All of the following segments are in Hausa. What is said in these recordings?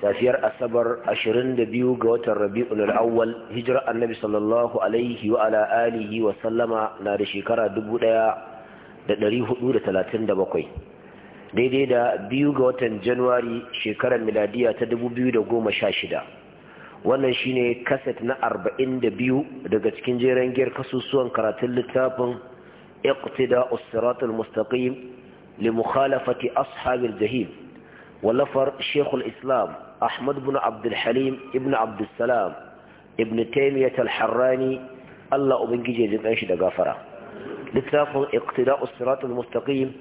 safiyar asabar 22 ga watan rabi'ul awwal hijira annabi sallallahu alaihi wa ala alihi wa sallama na da shekara 1437 daidai da biyu ga watan januwari shekarar miladiya ta 2016 wannan shine kaset na 42 daga cikin jeren giyar kasusuwan karatun littafin iqtida usratul mustaqim li mukhalafati ashabil jahim ولفر شيخ الإسلام أحمد بن عبد الحليم ابن ibnu السلام ابن تيمية الحراني الله أبنجي جزم أنش دقافرة لتلاف اقتداء الصراط المستقيم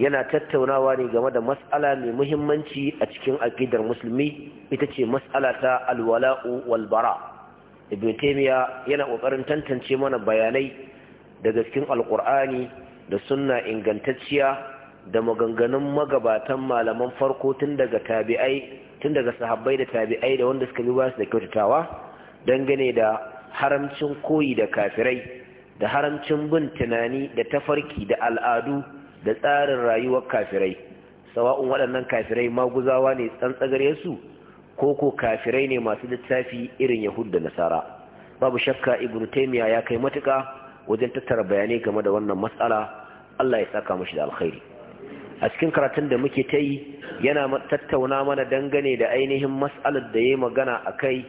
yana tattaunawa ne game da mas'ala mai muhimmanci a cikin aƙidar musulmi ita ce mas'ala ta alwala'u walbara ibnu taymiya yana ƙoƙarin tantance mana bayanai daga cikin alƙur'ani da sunna ingantacciya da maganganun magabatan malaman farko tun daga tabi'ai tun daga sahabbai da tabi'ai da wanda suka bi ba su da kyautatawa dangane da haramcin koyi da kafirai da haramcin bin tunani da tafarki da al'adu da tsarin rayuwar kafirai sawa'un waɗannan kafirai maguzawa ne tsantsagare su ko ko kafirai ne masu littafi irin yahud da nasara babu shakka ibnu taymiya ya kai matuka wajen tattara bayanai game da wannan matsala Allah ya saka mashi da alkhairi a cikin karatun da muke ta yi yana tattauna mana dangane da ainihin matsalar da ya magana a kai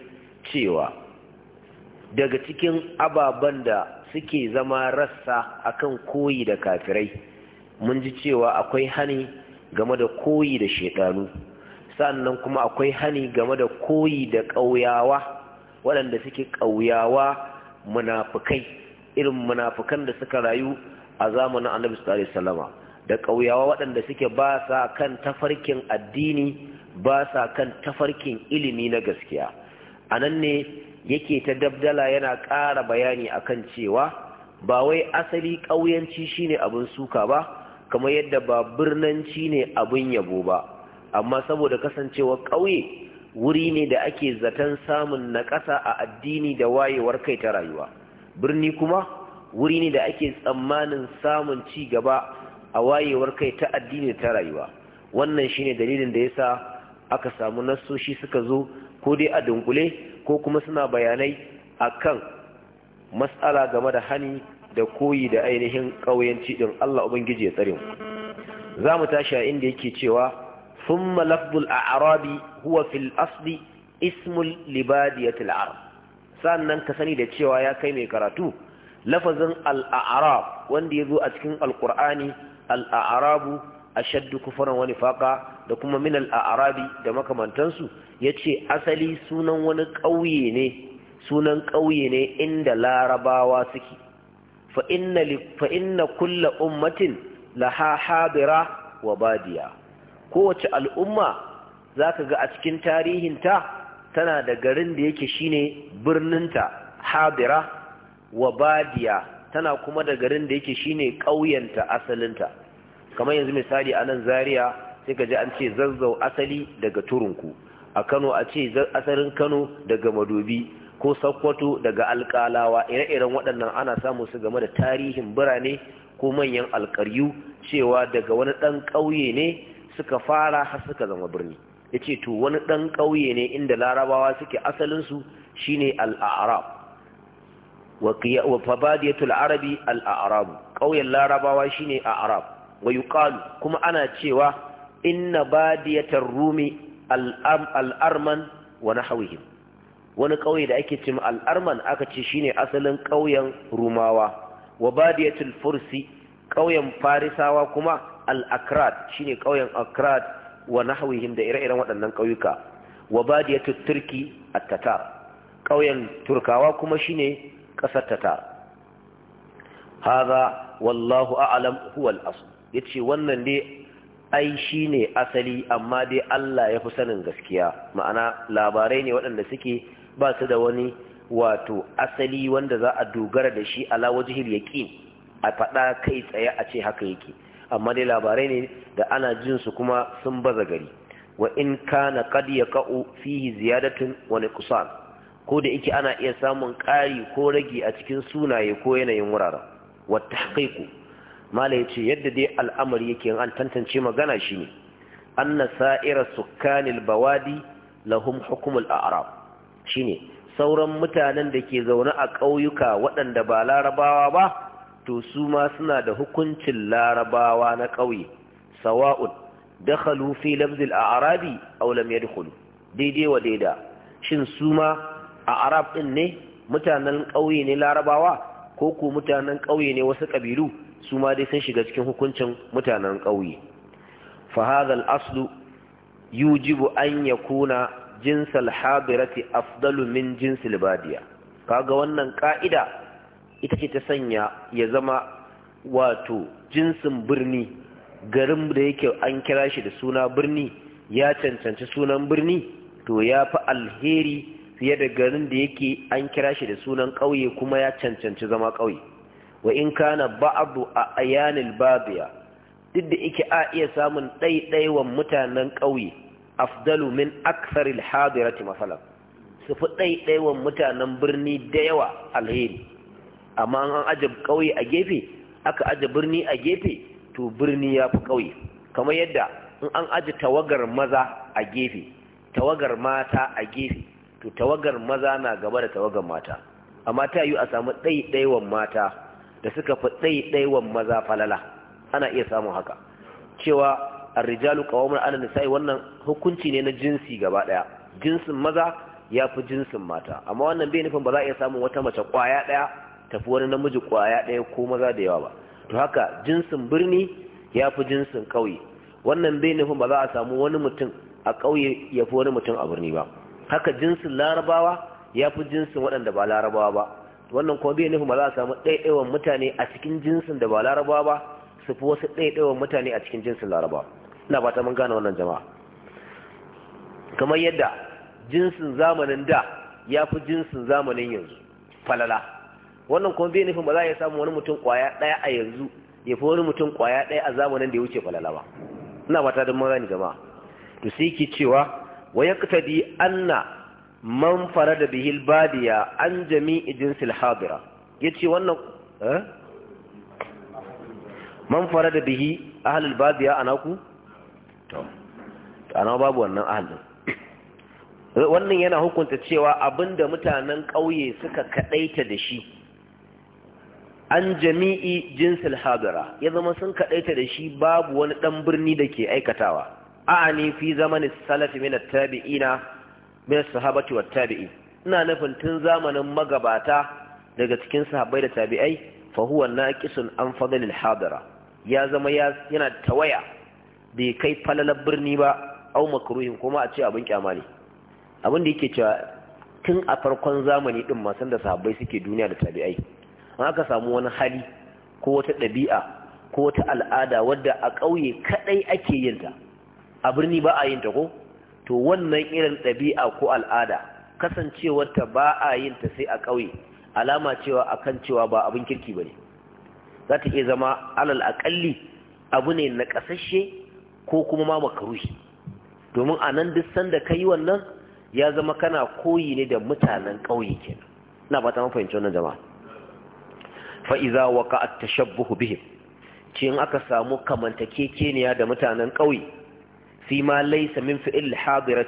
cewa daga cikin ababen da suke zama rassa akan koyi da kafirai mun ji cewa akwai hani game da koyi da shekaru sannan kuma akwai hani game da koyi da ƙauyawa waɗanda suke ƙauyawa munafukai irin munafukan da suka rayu a zamanin annabi sallallahu alaihi da ƙauyawa waɗanda suke ba sa kan tafarkin addini ba sa kan tafarkin ilimi na gaskiya a nan ne yake ta dabdala yana ƙara bayani akan cewa ba wai asali ƙauyanci shine abin suka ba kamar yadda ba birnanci ne abin yabo ba amma saboda kasancewa ƙauye wuri ne da ake zaton samun naƙasa a addini da wayewar kai ta rayuwa birni kuma wuri ne da ake tsammanin samun ci gaba a wayewar kai ta addini ta rayuwa wannan shine dalilin da ya sa aka samu nassoshi suka zo ko dai a dunkule ko kuma suna bayanai a kan matsala game da hani da koyi da ainihin ƙauyenci din Allah ubangiji ya tsare mu za mu tashi a inda yake cewa thumma lafdul a'rabi huwa fil asli ismul libadiyatil arab sannan ka sani da cewa ya kai mai karatu lafazin al-a'rab wanda zo a cikin Alkur'ani. al'arabu shaddu kufuran wani faƙa da kuma min al’arabi da makamantansu ya ce asali sunan wani ƙauye ne sunan ƙauye ne inda larabawa suke fa inna kulla ummatin laha habira wa badiya kowace al'umma za ka ga a cikin tarihinta tana da garin da yake shine birninta habira wa badiya tana kuma da garin da yake shine ƙauyenta asalinta kamar yanzu misali a nan zaria sai ka ji an ce zazzau asali daga turunku a kano a ce asalin kano daga madobi ko sakwato daga alkalawa ire-iren waɗannan ana samu su game da tarihin birane ko manyan alkaryu cewa daga wani ɗan ƙauye ne suka fara har suka zama birni ya ce to wani ɗan ƙauye ne inda larabawa suke asalinsu shine al'arab wa fabadiyatul arabi al'arabu ƙauyen larabawa shine arab wa kuma ana cewa inna badiyatar rumi al'arman wa wani ƙauye da ake cima al'arman aka ce shine asalin ƙauyen rumawa wa badiyatul fursi ƙauyen farisawa kuma al'akrad shine ƙauyen akrad wa nahawihim da ire-iren waɗannan ƙauyuka wa badiyatul turki at-tatar ƙauyen turkawa kuma shine ƙasar tatar Haza wallahu أعلم هو الأصل ya ce wannan dai ai shi ne asali amma dai Allah ya fi sanin gaskiya ma'ana labarai ne waɗanda suke ba su da wani wato asali wanda za a dogara da shi ala wajihil yaki a faɗa kai tsaye a ce haka yake amma dai labarai ne da ana jin su kuma sun baza gari wa in kana qad yaqa'u fihi ziyadatun wa nuqsan ko da yake ana iya samun ƙari ko rage a cikin sunaye ko yanayin wuraren wa tahqiqu mala ya ce yadda dai al'amari yake an tantance magana shi ne an na sa'ira sukanil bawadi lahum hukumul arab shi ne sauran mutanen da ke zaune a ƙauyuka waɗanda ba larabawa ba to su ma suna da hukuncin larabawa na ƙauye sawa'un dakhalu fi lafzil a'rabi aw lam yadkhulu daidai wa daida shin su ma a arab din ne mutanen ƙauye ne larabawa ko ku mutanen ƙauye ne wasu ƙabilu su ma dai sun shiga cikin hukuncin mutanen ƙauye fa hadha al-aslu yujibu an kuna jinsal habirati afdalu min jinsil badiya kaga wannan ka'ida ita ce ta sanya ya zama wato jinsin birni garin da yake an kira shi da suna birni ya cancanci sunan birni to ya fi alheri fiye da garin da yake an kira shi da sunan ƙauye kuma ya cancanci zama ƙauye wa in kana ba'adu a ayanil babiya duk da ike a iya samun ɗaiɗaiwan mutanen ƙauye afdalu min aksaril hadirati masalan su fi ɗaiɗaiwan mutanen birni da yawa alheri amma an aje ƙauye a gefe aka aje birni a gefe to birni ya fi ƙauye kamar yadda in an aje tawagar maza a gefe tawagar mata a gefe to tawagar maza na gaba da tawagar mata amma ta yi a samu ɗaiɗaiwan mata da suka fi ɗaiɗaiwan maza falala ana iya samun haka cewa rijalu qawamun ala nisa'i wannan hukunci ne na jinsi gaba ɗaya jinsin maza ya fi jinsin mata amma wannan bai nufin ba za a iya samun wata mace kwaya ɗaya tafi wani namiji kwaya ɗaya ko maza da yawa ba to haka jinsin birni ya fi jinsin ƙauye wannan bai nufin ba za a samu wani mutum a ƙauye ya fi wani mutum a birni ba haka jinsin larabawa ya fi jinsin waɗanda ba larabawa ba wannan kuma bai nufin ba za a samu ɗaiɗaiwan mutane a cikin jinsin da ba laraba ba su fi wasu ɗaiɗaiwan mutane a cikin jinsin laraba ina ba ta mun gane wannan jama'a kamar yadda jinsin zamanin da ya fi jinsin zamanin yanzu falala wannan kuma bai nufin ba za a samu wani mutum ƙwaya ɗaya a yanzu ya fi wani mutum ƙwaya ɗaya a zamanin da ya wuce falala ba ina ba ta don mun gane jama'a to sai ki cewa wa yaqtadi anna man farada bihil badiya an jami'i jinsil hadira yace wannan eh man farada bihi ahlul badiya anaku to ana babu wannan ahlul wannan yana hukunta cewa abinda mutanen ƙauye suka kadaita da shi an jami'i jinsil hadira ya zama sun kadaita da shi babu wani dan birni da ke aikatawa a'ani fi zamanin salafi min at-tabi'ina min sahabati wa tabi'i ina nufin tun zamanin magabata daga cikin sahabbai da tabi'ai fa huwa naqisun an fadlil hadira ya zama yana tawaya bai kai falalar birni ba au makruhin kuma a ce abin kyama ne abin da yake cewa tun a farkon zamani din masan da sahabbai suke duniya da tabi'ai an aka samu wani hali ko wata ɗabi'a ko wata al'ada wadda a ƙauye kaɗai ake yinta a birni ba a yin ta ko to wannan irin ɗabi'a ko al'ada kasancewarta ba a yin ta sai a ƙauye alama cewa a kan cewa ba abin kirki ba ne za ta iya zama alal aƙalli abu ne na ƙasashe ko kuma ma makarushi domin a nan duk sanda ka yi wannan ya zama kana koyi ne da mutanen ƙauye kenan ina ba ta mafahimci wannan jama'a fa iza waqa at bihim in aka samu kekeniya da mutanen ƙauye fi ma laysa min fi'il al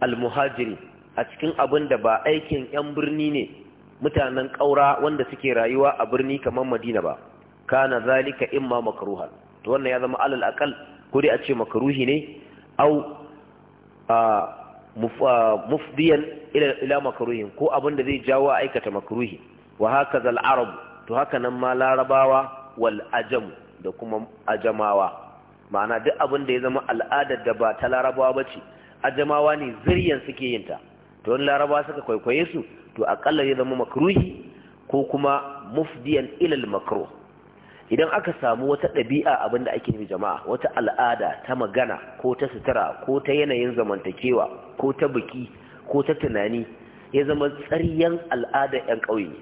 almuhajiri a cikin abin da ba aikin yan birni ne mutanen ƙaura wanda suke rayuwa a birni kamar Madina ba kana zalika imma makruha to wannan ya zama alal aqal ko a ce makruhi ne au mufdiyan ila makruhin ko abin da zai jawo a aikata makruhi wa hakaza arab to haka nan ma larabawa wal ajam da kuma ajamawa ma'ana duk abin da ya zama al'adar da ba ta larabawa ba ce a ajamawa ne ziryan suke yin ta to wani larabawa suka kwaikwaye su to aƙalla ya zama makruhi ko kuma mufdiyan ilal makro idan aka samu wata ɗabi'a abin da ake nufi jama'a wata al'ada ta magana ko ta sutura ko ta yanayin zamantakewa ko ta biki ko ta tunani ya zama tsariyan al'ada 'yan ƙauye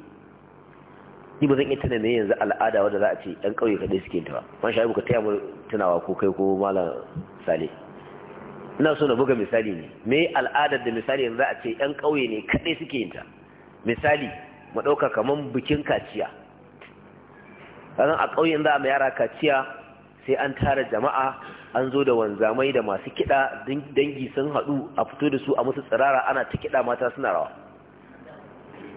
ni ba zan iya tuna me yanzu al'ada wadda za a ce ɗan ƙauye kaɗai suke ta ba man shayi buka taya tunawa ko kai ko malam sale ina so na buga misali ne me al'adar da misali yanzu za a ce ɗan ƙauye ne kaɗai suke yin ta misali mu ɗauka kaman bikin kaciya sannan a ƙauyen za a ma yara kaciya sai an tara jama'a an zo da wanzamai da masu kiɗa dangi sun haɗu a fito da su a musu tsirara ana ta kiɗa mata suna rawa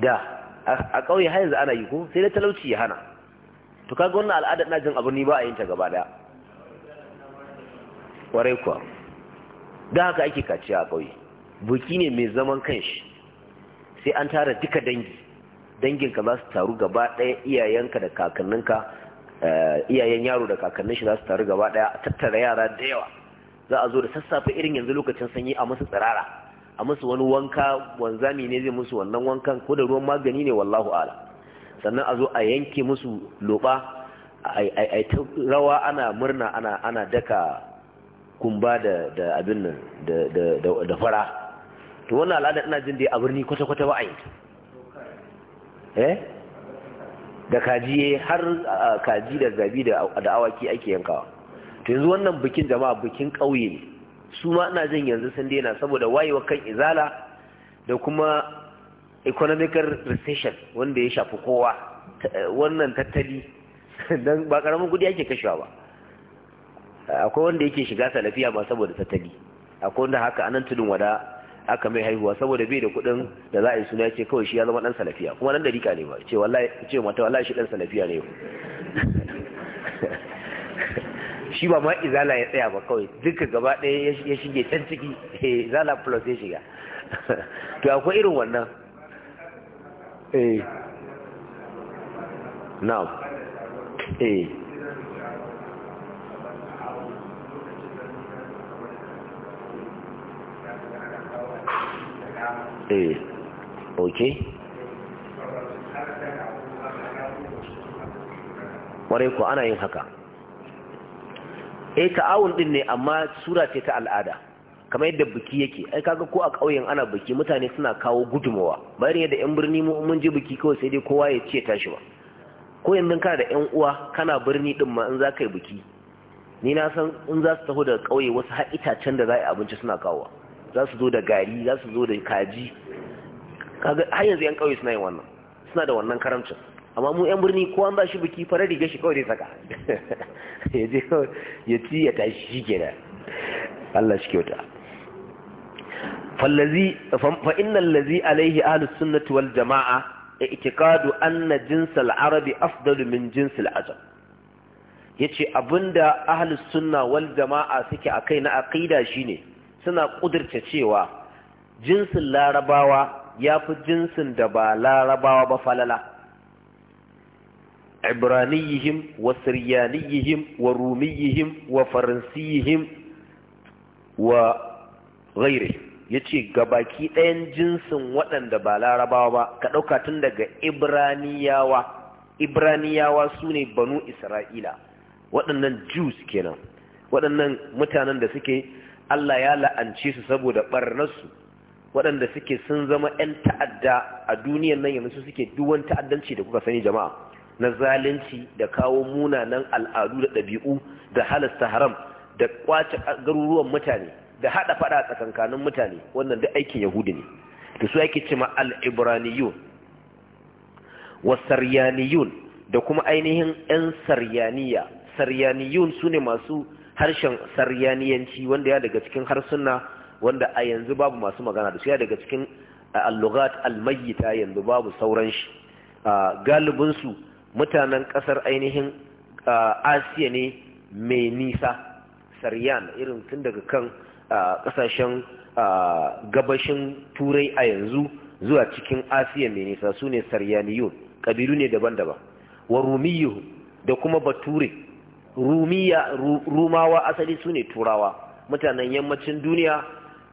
da a ƙauye har yanzu ana yi ko sai dai talauci ya hana to kaga wannan al'adar na jin abu ni ba a yin ta gaba daya warai kuwa da haka ake kaciya a ƙauye buki ne mai zaman kan kanshi sai an tara duka dangi danginka za su taru gaba ɗaya iyayenka da kakanninka eh, iyayen yaro da kakannin shi za su taru gaba ɗaya a tattara yara da yawa za a zo da sassafe irin yanzu lokacin sanyi a masu tsirara a musu wani wanka wanzami ne zai musu wannan wankan ko da ruwan magani ne wallahu ala sannan a zo a yanke musu loba a ta rawa ana murna ana daka kumba da abin nan da fara to wannan al'ada ina jin dai a birni kwata-kwata ba a yi eh? da kaji har kaji da zabi da awaki ake yankawa to yanzu wannan bikin jama'a bikin ƙauye ne su ma ina jin yanzu sun daina saboda wayewa kan izala da kuma economic recession wanda ya shafi kowa wannan tattali don ba karamin kudi yake kashewa ba akwai wanda yake shiga salafiya ba saboda tattali akwai wanda haka anan tudun wada aka mai haihuwa saboda bai da kudin da za a yi suna ce kawai shi ya zama dan salafiya kuma nan da rika ne ba ce wallahi ce mata wallahi shi dan salafiya ne shi ba ma izala ya tsaya ba kawai duka gaba ɗaya ya shige can ciki eh, izala plus ya shiga to akwai irin wannan eh na'am eh eh okay ko ana yin haka eh ta'awun din ne amma sura ce ta al'ada kamar yadda biki yake ai kaga ko a ƙauyen ana biki mutane suna kawo gudumawa bayan yadda ƴan birni mu mun je biki kawai sai dai kowa ya ce tashi ba ko yanzu kana da ƴan uwa kana birni din ma in za ka yi biki ni na san in za su taho daga ƙauye wasu har itacen da za a yi abinci suna kawowa za su zo da gari za su zo da kaji kaga har yanzu ƴan ƙauye suna yin wannan suna da wannan karamcin amma mu yan birni ko an ba shi biki farar riga shi kawai dai saka ya je ya ci ya tashi shi kenan Allah shi kyauta fallazi fa innal ladzi alaihi ahlus sunnati wal jamaa i'tiqadu anna jinsal arabi afdalu min jinsil ajam yace abinda ahlus sunna wal jamaa suke akai na aqida shine suna kudirce cewa jinsin larabawa yafi jinsin da ba larabawa ba falala ibraniyihim wa siryaniyihim wa rumiyihim wa faransiyihim wa ce yace gabaki ɗayan jinsin waɗanda ba larabawa ba ka ɗauka tun daga ibraniyawa ibraniyawa su ne banu isra'ila waɗannan jews kenan waɗannan mutanen da suke Allah ya la'ance su saboda ɓarnarsu waɗanda suke sun zama 'yan ta'adda a duniyar nan yanzu suke duwan ta'addanci da kuka sani jama'a na zalunci da kawo munanan al'adu da ɗabi'u da halasta haram da kwace garuruwan mutane da haɗa faɗa tsakankanin mutane wannan da aikin yahudi ne da su ake cima al'ibraniyun Saryaniyun da kuma ainihin 'yan saryaniya saryaniyun su ne masu harshen saryaniyanci wanda ya daga cikin harsuna wanda a yanzu babu masu magana da su ya daga cikin allugat almayyita yanzu babu sauran shi ah, galibinsu mutanen ƙasar ainihin asiya ne mai nisa saryan irin tun daga kan ƙasashen gabashin turai a yanzu zuwa cikin asiya mai nisa su ne saryaniyun ƙabilu ne daban-daban wa rumiyu da kuma bature rumawa asali su ne turawa mutanen yammacin duniya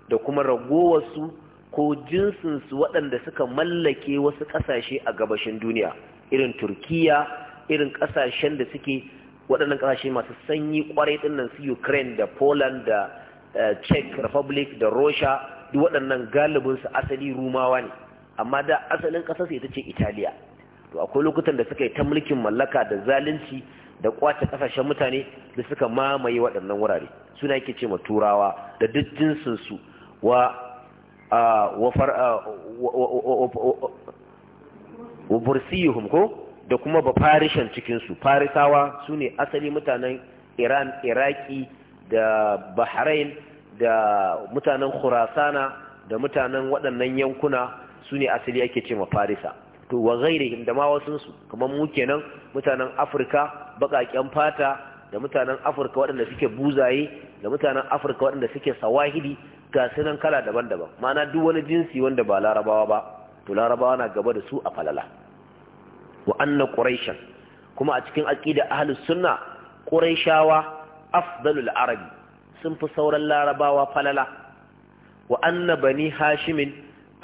da kuma ragowarsu ko jinsinsu waɗanda suka mallake wasu ƙasashe a gabashin duniya irin turkiya irin kasashen da suke waɗannan kasashe masu sanyi kwarai ɗinnan su ukraine da poland da eh, czech republic da russia duk waɗannan galibinsu asali rumawa ne amma da asalin su ita ce italiya to akwai lokutan da suka yi ta mulkin mallaka da zalunci da kwace kasashen mutane da suka mamaye waɗannan wurare suna yake ce ma turawa da duk jinsinsu wa ah, ah, wa bursiyuhum ko da kuma farishan cikinsu farisawa su ne asali mutanen iran iraki da bahrain da mutanen khurasana da mutanen waɗannan yankuna sune asali ake ce farisa to wa ghairihim da ma wasunsu kamar mu kenan mutanen afirka baƙaƙen fata da mutanen afirka waɗanda suke buzaye da mutanen afirka waɗanda suke sawahili ga sunan kala daban-daban ma'ana duk wani jinsi wanda ba larabawa ba to larabawa na gaba da su a falala wa anna quraishan kuma a cikin aqida ahlus sunna quraishawa afdalul arabi sun fi sauran larabawa falala wa anna bani hashimin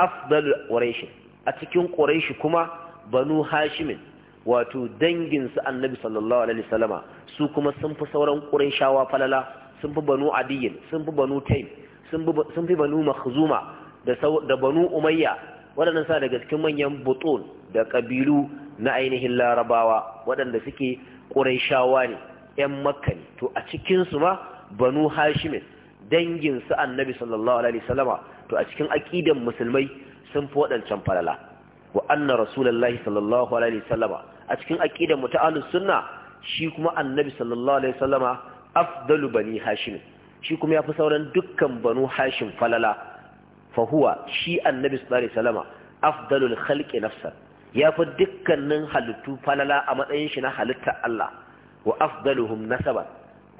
afdalul quraish a cikin quraishi kuma banu hashimin wato dangin su annabi sallallahu alaihi wasallama su kuma sun fi sauran quraishawa falala sun fi banu adiyin sun fi banu taim, sun fi banu makhzuma da banu umayya waɗannan sa daga cikin manyan butun da ƙabilu na ainihin larabawa waɗanda suke ƙuraishawa ne ‘yan makka ne to a cikinsu ma banu hashimin danginsu annabi sallallahu alaihi wasallama to a cikin aƙidan musulmai sun fi waɗancan falala wa anna rasulullahi sallallahu alaihi wasallama a cikin aqidan mu ta sunna shi kuma annabi sallallahu alaihi wasallama afdalu bani Hashimin, shi kuma fi sauran dukkan banu hashim falala fa huwa shi annabi sallallahu alaihi wasallama afdalul khalqi nafsan ya fi dukkanin halittu falala a matsayin shi na halitta Allah wa afdaluhum nasaba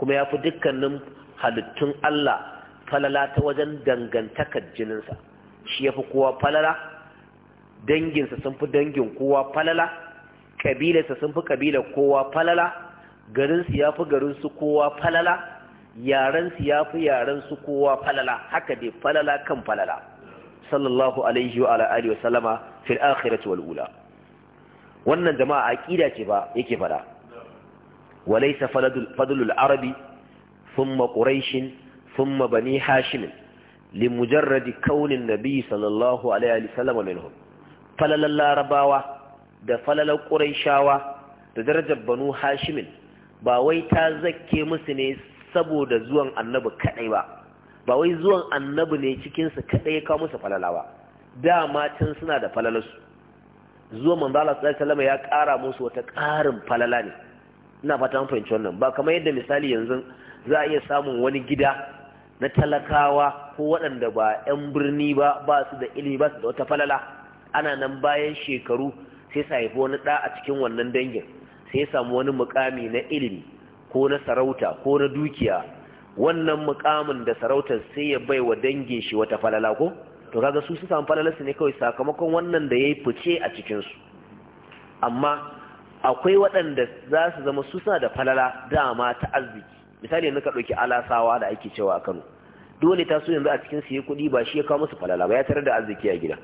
kuma ya fi dukkanin halittun Allah falala ta wajen dangantakar jininsa shi ya fi kowa falala danginsa sun fi dangin kowa falala ƙabilarsa sun fi ƙabilar kowa falala garinsu ya fi garinsu kowa falala yarensu ya fi yarensu kowa falala haka dai falala kan falala sallallahu alaihi wa alihi wa sallama fil akhirati wal ula wannan jama'a aqida ce ba yake fada walaysa fadlul arabi thumma quraish thumma bani hashim limujarradi kaunin nabi sallallahu alaihi wasallam minhum falalan larabawa da falalar quraishawa da darajar banu hashim ba wai ta zakke musu ne saboda zuwan annabi kadai ba ba wai zuwan annabi ne cikinsu kaɗai ya kawo musu falalawa dama can suna da falalarsu zuwa manzo Allah sallallahu alaihi wasallam ya ƙara musu wata ƙarin falala ne ina fata mun fahimci wannan ba kamar yadda misali yanzu za a iya samun wani gida na talakawa ko waɗanda ba 'yan birni ba ba su da ilimi ba su da wata falala ana nan bayan shekaru sai su haifi wani ɗa a cikin wannan dangin sai ya samu wani mukami na ilimi ko na sarauta ko na dukiya wannan mukamin da sarautar sai ya bai wa dangin shi wata falala ko to kaga su su samu falalarsu ne kawai sakamakon wannan da ya yi fice a cikinsu amma akwai waɗanda za su zama su suna da falala dama ta arziki misali yanzu ka ɗauki alasawa da ake cewa a kano dole ta so yanzu a cikin su yi kuɗi ba shi ya kawo musu falala ba ya tarar da arziki a gida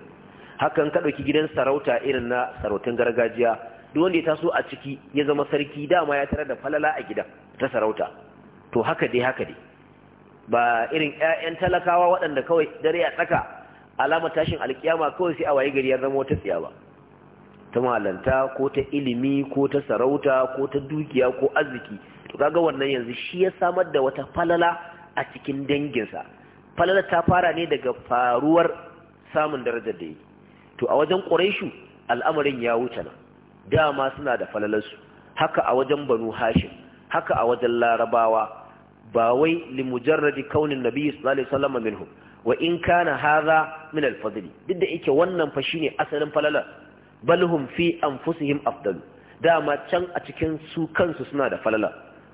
hakan ka ɗauki gidan sarauta irin na sarautun gargajiya Dole ta so a ciki ya zama sarki dama ya tarar da falala a gida ta sarauta to haka dai haka dai ba irin 'ya'yan talakawa waɗanda kawai dare a tsaka alama tashin alkiyama kawai sai a waye gari ya zama wata tsiya ba ta malanta ko ta ilimi ko ta sarauta ko ta dukiya ko arziki to kaga wannan yanzu shi ya samar da wata falala a cikin danginsa falala ta fara ne daga faruwar samun darajar da yi to a wajen quraishu al'amarin ya wuce nan dama suna da falalarsu haka a wajen banu hashim haka a wajen larabawa ba wai limujarradi kaunin nabiyyi sallallahu alaihi wasallam minhum wa in kana hadha min al duk da yake wannan fa shine asalin falala balhum fi anfusihim afdal dama can a cikin su kansu suna da falala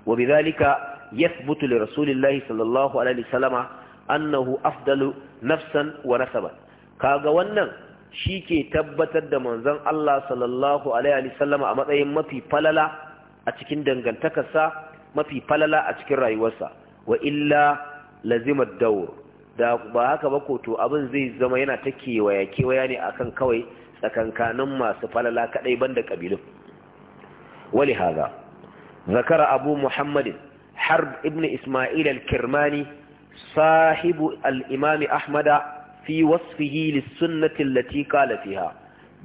wa bidhalika yathbutu li Rasulillah sallallahu alaihi wasallama annahu afdalu nafsan wa nasaban kaga wannan shi ke tabbatar da manzon Allah sallallahu alaihi wasallama a matsayin mafi falala a cikin dangantakarsa mafi falala a cikin rayuwarsa wa illa lazimad dawr da ba haka ba ko to abin zai zama yana ta kewaya kewaya ne akan kawai tsakankanin masu falala ban banda ƙabilun. wali haza zakara abu muhammadin harb ibn isma'il al-kirmani sahibu al ahmada fi wasu lis-sunnati allati qala fiha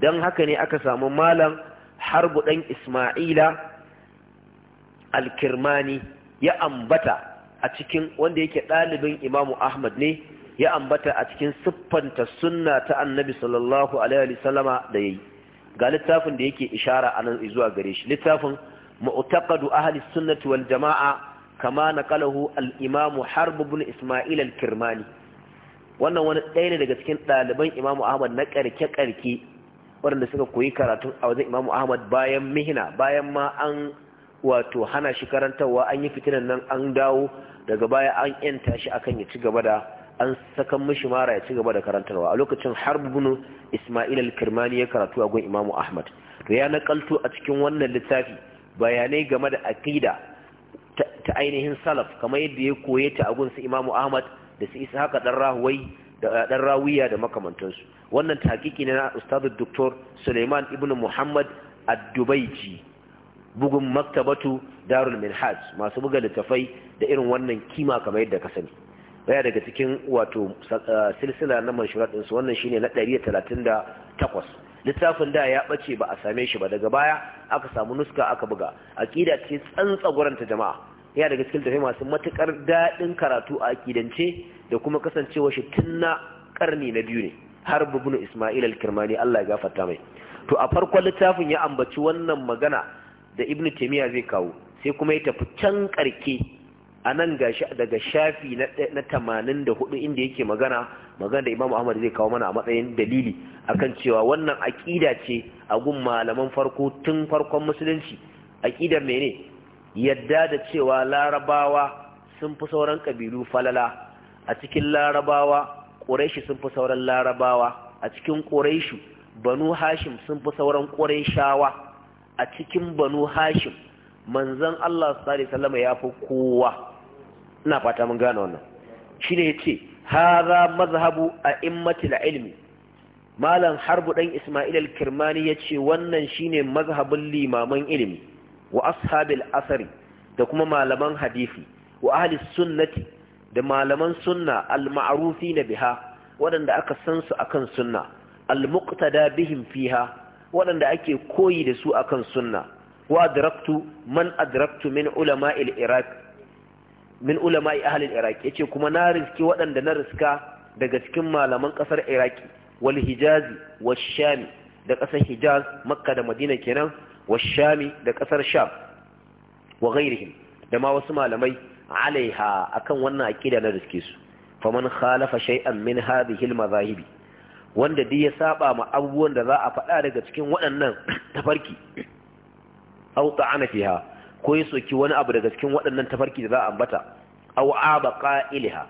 dan haka ne aka samu malam harbu dan isma'ila al-kirmani ya ambata a cikin wanda yake ɗalibin imamu ahmad ne ya ambata a cikin siffanta sunna ta annabi sallallahu alaihi wasallama da yayi ga littafin da yake ishara a nan zuwa gare shi littafin mu'taqadu ahli sunnati wal jama'a kama naqalahu al imamu harb ibn isma'il al kirmani wannan wani ɗaya ne daga cikin ɗaliban imamu ahmad na ƙarke ƙarke waɗanda suka koyi karatun a wajen imamu ahmad bayan mihina bayan ma an wato hana shi karantarwa an yi fitinan nan an dawo daga baya an yanta shi akan ya ci gaba da an sakan mishi mara ya ci gaba da karantarwa a lokacin harbi ibn isma'il al-kirmani ya karatu a gun imamu ahmad to ya nakalto a cikin wannan littafi bayanai game da aqida ta ainihin salaf kamar yadda ya koye ta a gun su imamu ahmad da su ishaq dan rahuwai da dan rawiya da makamantansu wannan tahqiqi ne na ustaz dr suleiman ibn muhammad ad-dubaiji bugun maktabatu darul minhaj masu buga littafai da irin wannan kima kamar yadda ka sani baya daga cikin wato uh, silsila na manshurat ɗinsu wannan shine na 138 littafin da ya bace ba a same shi ba daga baya aka samu nuska aka buga Aqida ce tsantsagwaranta jama'a ya daga cikin tafi masu matukar daɗin karatu a aƙidance da kuma kasancewa shi tun na ƙarni na biyu ne har bubunu ismail al-kirmani allah ya gafarta mai to a farkon littafin ya ambaci wannan magana da ibnu taimiyya zai kawo sai kuma ya tafi can karke a nan daga shafi na tamanin da hudu inda yake magana magana da imam ahmad zai kawo mana a matsayin dalili akan cewa wannan aƙida ce a gun malaman farko tun farkon musulunci aƙidar ne, yadda da cewa larabawa sun fi sauran ƙabilu falala a cikin larabawa ƙuraishi sun fi sauran larabawa a cikin ƙuraishi banu hashim sun fi sauran ƙuraishawa a cikin banu hashim manzan Allah sallallahu alaihi ya fi kowa ina fata mun gane wannan shine yace hadha mazhabu a a'immatil ilmi malam harbu dan isma'il al-kirmani ce, wannan shine mazhabin limaman ilimi wa ashabil asari da kuma malaman hadifi, wa ahli sunnati da malaman sunna al na biha waɗanda aka san su akan sunna al-muqtada bihim fiha waɗanda ake koyi da su akan sunna wa adraktu man adraktu min ulama'il iraq min ulama'i ahlil iraq kuma na riski waɗanda na riska daga cikin malaman ƙasar iraki wal hijazi wal shami da ƙasar hijaz makka da madina kenan wal shami da ƙasar sham wa ghairihim da ma wasu malamai alaiha akan wannan aqida na riske su faman khalafa shay'an min hadhihi al mazahibi wanda duk ya saba ma abubuwan da za a faɗa daga cikin waɗannan tafarki aw ta'ana fiha ko ya soki wani abu daga cikin waɗannan tafarki da za a ambata aw aba qa'ilaha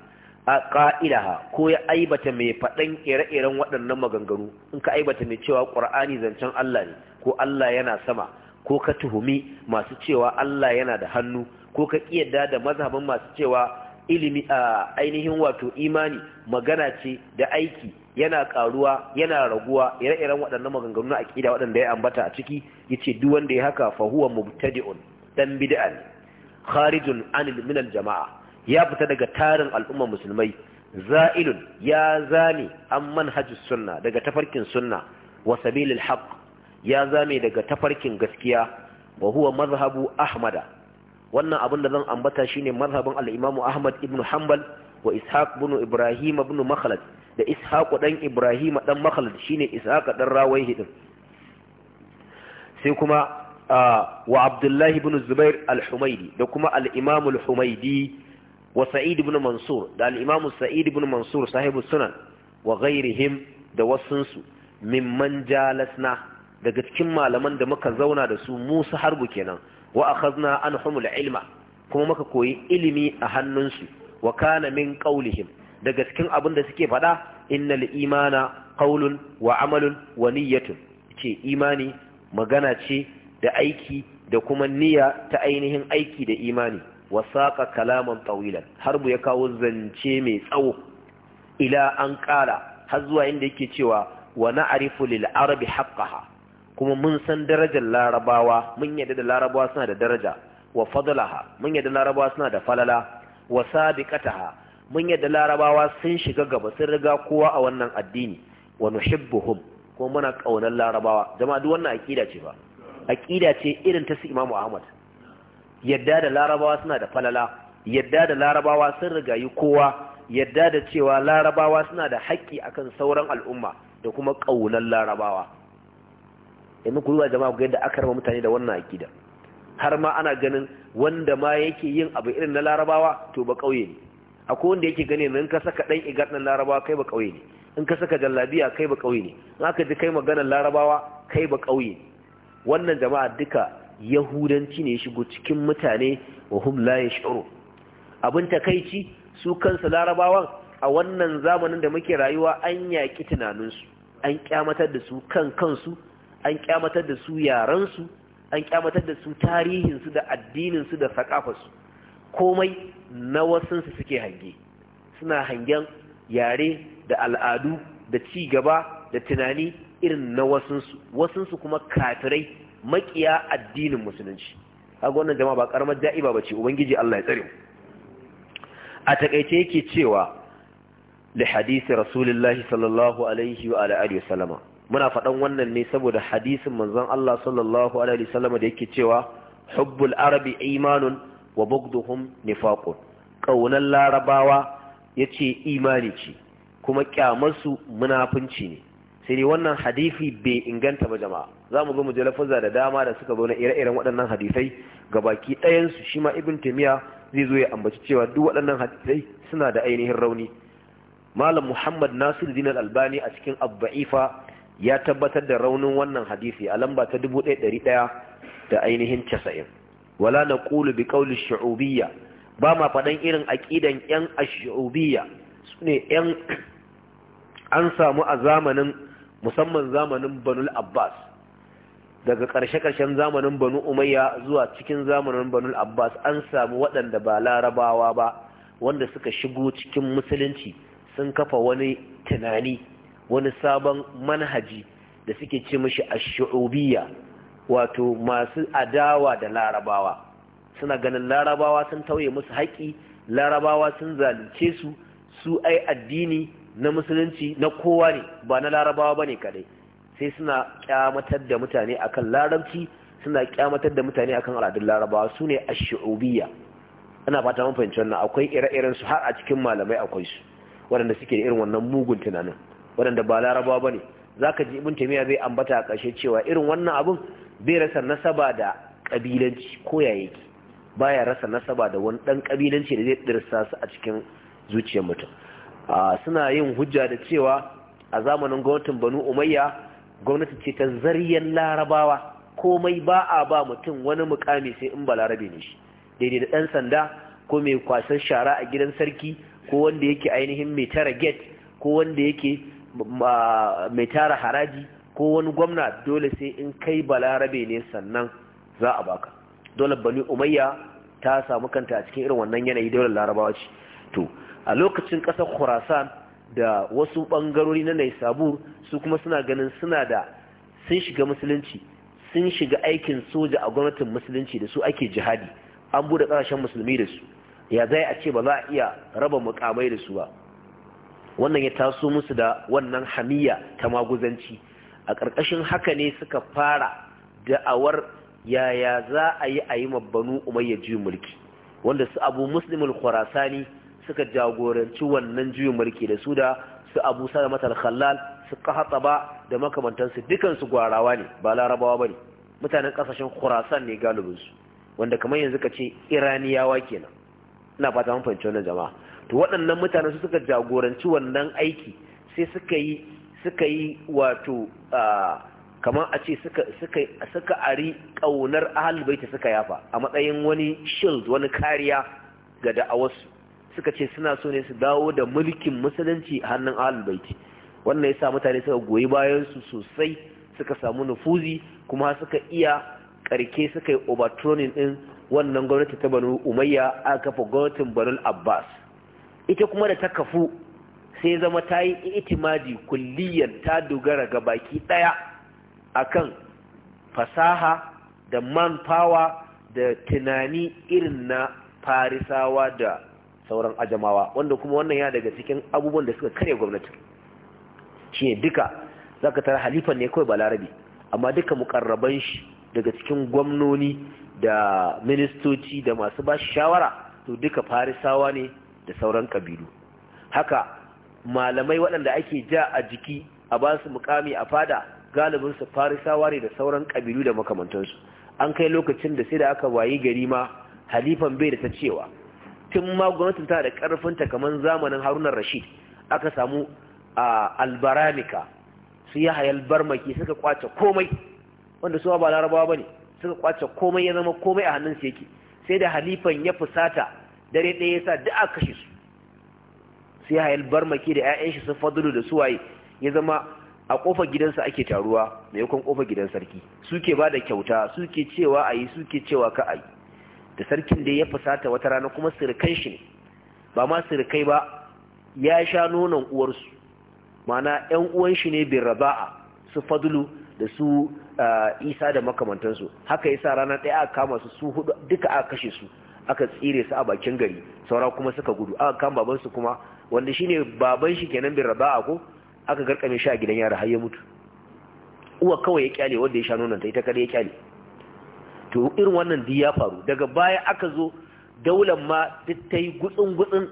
a qa'ilaha ko ya aibata mai faɗan ire-iren waɗannan maganganu in ka aibata mai cewa qur'ani zancen Allah ne ko Allah yana sama ko ka tuhumi masu cewa Allah yana da hannu ko ka kiyarda da mazhabin masu cewa ilimi a ainihin wato imani magana ce da aiki yana karuwa yana raguwa ire-iren waɗannan maganganu na aƙida waɗanda ya ambata a ciki yace duk wanda ya haka fahuwa huwa mubtadi'un dan bid'a ne kharijun anil min jamaa ya fita daga tarin al'umma musulmai za'ilun ya zame an manhajus sunna daga tafarkin sunna wa sabilil haqq ya zame daga tafarkin gaskiya wa huwa mazhabu ahmada wannan abin da zan ambata shine mazhabin al-imamu ahmad ibn hanbal wa ishaq bin ibrahim bin makhlad da ishaq dan ibrahim dan makhlad shine ishaq dan rawaihi din sai kuma wa abdullahi bin zubair al humaydi da kuma al-imam al humaydi wa sa'id bin mansur da al-imam sa'id bin mansur sahibu sunan wa ghairihim da wasunsu mimman jalasna daga cikin malaman da muka zauna da su musu harbu kenan wa akhadna anhumul ilma kuma muka koyi ilimi a hannunsu wa kana min qaulihim daga cikin abin da suke faɗa innal imana qaulun wa amalun wa niyyatun ce imani magana ce da aiki da kuma niyya ta ainihin aiki da imani wa saqa kalaman tawilan har mu ya kawo zance mai tsawo ila an ƙara har zuwa inda yake cewa wa na'rifu lil arabi haqqaha kuma mun san darajar larabawa mun yadda da larabawa suna da daraja wa fadlaha mun yadda larabawa suna da falala wa sabiqataha mun yadda larabawa sun shiga gaba sun riga kowa a wannan addini wa nuhibbuhum kuma muna kaunar larabawa jama'a duk wannan aqida ce ba aqida ce irin ta su Imam Ahmad yadda da larabawa suna da falala yadda da larabawa sun riga yi kowa yadda da cewa larabawa suna da haƙƙi akan sauran al'umma da kuma kaunar larabawa yanzu ku ruwa jama'a ku yadda aka rama mutane da wannan aqida har ma ana ganin wanda ma yake yin abu irin na larabawa to ba ƙauye ne akwai wanda yake gane in ka saka ɗan igar na larabawa kai ba ƙauye ne in ka saka jallabiya kai ba ƙauye ne in aka ji kai maganar larabawa kai ba ƙauye ne wannan jama'a duka yahudanci ne shigo cikin mutane wa hum la yash'uru abin takaici su kansu larabawan a wannan zamanin da muke rayuwa an yaƙi tunaninsu an kyamatar da su kan kansu an kyamatar da su yaransu an kyamatar da su tarihinsu da addininsu da sakafarsu komai na wasansu suke hange suna hangen yare da al'adu da ci gaba da tunani irin na wasansu wasansu kuma kafirai makiya addinin musulunci kaga wannan jama'a ba karamar da'iba bace ubangiji Allah ya tsare mu a takaice yake cewa li hadisi rasulullahi sallallahu alaihi wa alihi wasallama muna faɗan wannan ne saboda hadisin manzon Allah sallallahu alaihi wasallam da yake cewa hubbul arabi imanun wa bughduhum nifaqun kaunan larabawa yace imani ce kuma kyamarsu munafunci ne sai dai wannan hadisi bai inganta ba jama'a za mu zo mu je da dama da suka zo na ire-iren waɗannan hadisai baki ɗayansu shi ma ibn taymiya zai zo ya ambaci cewa duk waɗannan hadisai suna da ainihin rauni malam muhammad nasir din albani a cikin abba'ifa ya tabbatar da raunin wannan hadisi a lamba ta dubu ɗaya da ainihin casa'in. wala ƙulu bi ƙaulu shu'ubiyya ba ma faɗan irin aqidan yan ash Su ne yan an samu a zamanin musamman zamanin Banul Abbas daga ƙarshe-ƙarshen zamanin Banu Umayya zuwa cikin zamanin Banul Abbas an samu waɗanda ba larabawa ba wanda suka shigo cikin musulunci sun kafa wani tunani wani sabon manhaji da suke ce mashi a shuubiyya wato masu adawa da larabawa suna ganin larabawa sun tauye musu haƙi larabawa sun zalunce su su ai addini na musulunci na kowa ne ba na larabawa ba ne kadai sai suna kyamatar da mutane akan larabci suna kyamatar da mutane akan al'adun larabawa su ne a shuubiyya ana fata mun fahimci wannan akwai ire-iren su har a cikin malamai akwai su waɗanda suke da irin wannan mugun tunanin waɗanda ba larabawa ba ne za ka ji ibin taimiyya zai ambata a ƙarshe cewa irin wannan abin bai rasa nasaba da ƙabilanci ko ya yake baya rasa nasaba da wani ɗan ƙabilanci da zai ɗirsa su a cikin zuciyar mutum suna yin hujja da cewa a zamanin gwamnatin banu umayya gwamnati ce ta zariyar larabawa komai ba a ba mutum wani mukami sai in ba larabe ne shi daidai da ɗan sanda ko mai kwasan shara a gidan sarki ko wanda yake ainihin mai tara gate ko wanda yake mai tara haraji ko wani gwamna dole sai in kai balarabe ne sannan za a baka dole bani umayya ta samu kanta a cikin irin wannan yanayi dole larabawa ce to a lokacin ƙasar khurasan da wasu ɓangarori na naisabur su kuma suna ganin suna da sun shiga musulunci sun shiga aikin soja a gwamnatin musulunci da su ake jihadi an bude ƙasashen musulmi da su ya zai a ce ba za a iya raba mukamai da su ba wannan ya taso musu da wannan hamiya ta maguzanci a ƙarƙashin haka ne suka fara da'awar yaya za a yi a yi mabbanu umayya juyin mulki wanda su abu musulmin khurasani suka jagoranci wannan juyin mulki da su da su abu salamat al-khallal su kahatsa ba da makamantansu dukansu gwarawa ne ba larabawa ba ne mutanen kasashen khurasan ne galibinsu wanda kamar yanzu ka ce iraniyawa kenan ina fata mun fahimci wannan jama'a to waɗannan mutane su suka jagoranci wannan aiki sai suka yi suka yi wato kamar a ce suka ari ƙaunar ahalibaita suka yafa a matsayin wani shield wani kariya ga da'awarsu suka ce suna so ne su dawo da mulkin musulunci a hannun ta, wannan ya sa mutane suka goyi bayansu sosai suka samu nufuzi kuma suka iya ƙarke suka yi overturning din wannan gwamnati ta banu umayya a kafa gwamnatin banul abbas ita kuma da ta kafu sai zama ta yi itimadi kulliyar ta dogara ga baki ɗaya akan fasaha da man fawa da tunani irin na farisawa da sauran ajamawa wanda kuma wannan ya daga cikin abubuwan da suka karya gwamnati shi ne duka za ka tara halifan ne kawai larabi amma duka mukarraban shi daga cikin gwamnoni da ministoci da masu ba shawara to duka farisawa ne da sauran kabilu haka malamai waɗanda ake ja a jiki a ba su mukami a fada galibinsu farisawa ne da sauran kabilu da makamantansu an kai lokacin da sai da aka wayi gari ma halifan bai da ta cewa tun ma gwamnatin ta da ta kamar zamanin harunan rashid aka samu a albaranika su yi hayal barmaki suka kwace komai wanda su ba larabawa ba ne suka kwace komai ya zama komai a hannun su yake sai da halifan ya fusata dare ɗaya yasa sa aka kashe su sai hayal barmaki da 'ya'yan shi sun fadulu da suwaye ya zama a kofar gidansa ake taruwa maimakon kofar gidan sarki suke ba da kyauta suke cewa a yi suke cewa ka a yi da sarkin da ya fusata wata rana kuma sirikan shi ne ba ma sirikai ba ya sha nonon uwarsu mana yan uwan shi ne bin raba'a su fadulu da su ah, isa da makamantansu haka ya sa ranar ɗaya a kama su su hudu duka aka kashe su aka tsire su a bakin gari saura kuma suka gudu aka kan baban su kuma wanda shine baban shi kenan bin raba'a ko aka garkame shi a gidan yara har ya mutu uwa kawai ya kyale wanda ya sha nonon ta ita kada ya kyale to irin wannan duk ya faru daga baya aka zo daular ma duk ta yi gutsun-gutsun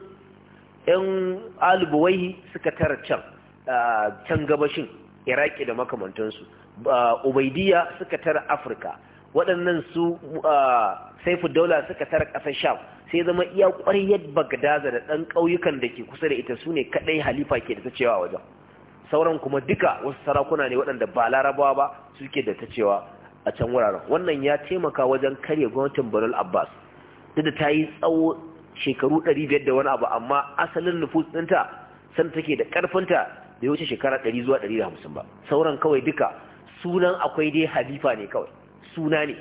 ‘yan alibuwai suka tara can can gabashin iraki da makamantansu ubaidiya suka tara afirka waɗannan su saifu daula suka tara ƙasar sham sai zama iya ƙwaryar bagdaza da ɗan ƙauyukan da ke kusa da ita su ne kaɗai halifa ke da ta cewa wajen sauran kuma duka wasu sarakuna ne waɗanda ba larabawa ba suke da ta cewa a can wuraren wannan ya taimaka wajen karya gwamnatin banul abbas duk da ta yi tsawo shekaru ɗari biyar da wani abu amma asalin nufus ɗinta san take da ƙarfinta da ya wuce shekara ɗari zuwa ɗari da hamsin ba sauran kawai duka sunan akwai dai halifa ne kawai suna ne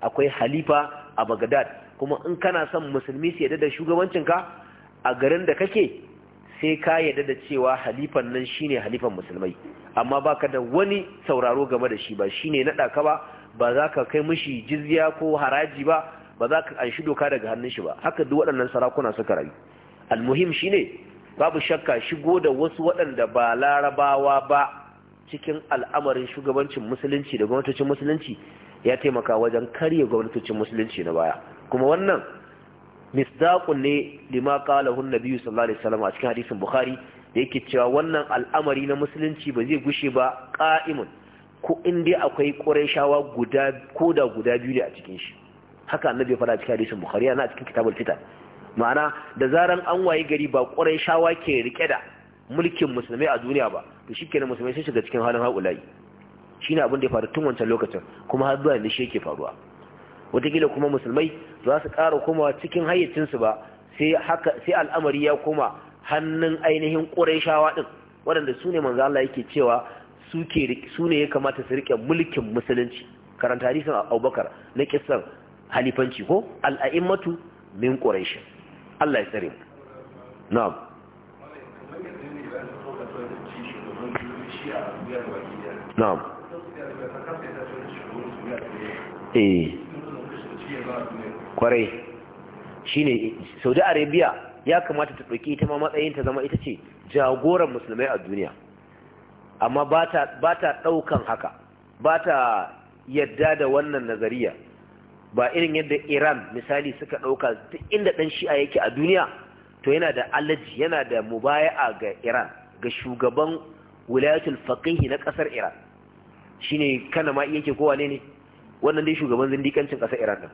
akwai halifa a bagdad kuma in kana son musulmi su yadda da shugabancinka a garin da kake sai ka yadda da cewa halifan nan shine halifan musulmai amma baka da wani sauraro game da shi ba shine naɗa ka ba ba za ka kai mushi jizya ko haraji ba ba za ka anshi doka daga hannun shi ba haka duk waɗannan sarakuna suka rayu almuhim shine babu shakka shigo da wasu waɗanda ba larabawa ba cikin al'amarin shugabancin musulunci da gwamnatocin musulunci ya taimaka wajen karye gwamnatocin musulunci na baya kuma wannan misdaqun ne lima qalahu an-nabi sallallahu alaihi wasallam a cikin hadisin bukhari da yake cewa wannan al'amari na musulunci ba zai gushe ba qa'imun ko in dai akwai qurayshawa guda koda guda biyu ne a cikin shi haka annabi ya fara cikin hadisin bukhari yana cikin kitabul fitan ma'ana da zaran an waye gari ba qurayshawa ke rike da mulkin musulmai a duniya ba to shikenan musulmai sai shiga cikin halin haƙulai shine abin da ya faru tun wancan lokacin kuma har zuwa yanzu shi yake faruwa wataƙila kuma musulmai za su ƙara komawa cikin hayyacinsu ba sai al'amari ya koma hannun ainihin ƙurayshawa ɗin waɗanda su ne manzo Allah yake cewa su ne ya kamata su riƙe mulkin musulunci karanta hadisin abubakar na kisan halifanci ko al'a'immatu min Allah ya tsare na'am na'am na'am eh kwarai shine saudi arabia ya kamata ta ɗauki ita ma matsayin ta zama ita ce jagoran musulmai a duniya amma ba ta ɗaukan haka ba ta yadda da wannan nazariya ba irin yadda iran misali suka ɗauka ta inda ɗan shi'a yake a duniya to yana da alaji yana da mubaya'a ga iran ga shugaban wilayatul fakihi na ƙasar iran shine kana ma yake kowa ne ne wannan dai shugaban zindikancin ƙasar iran din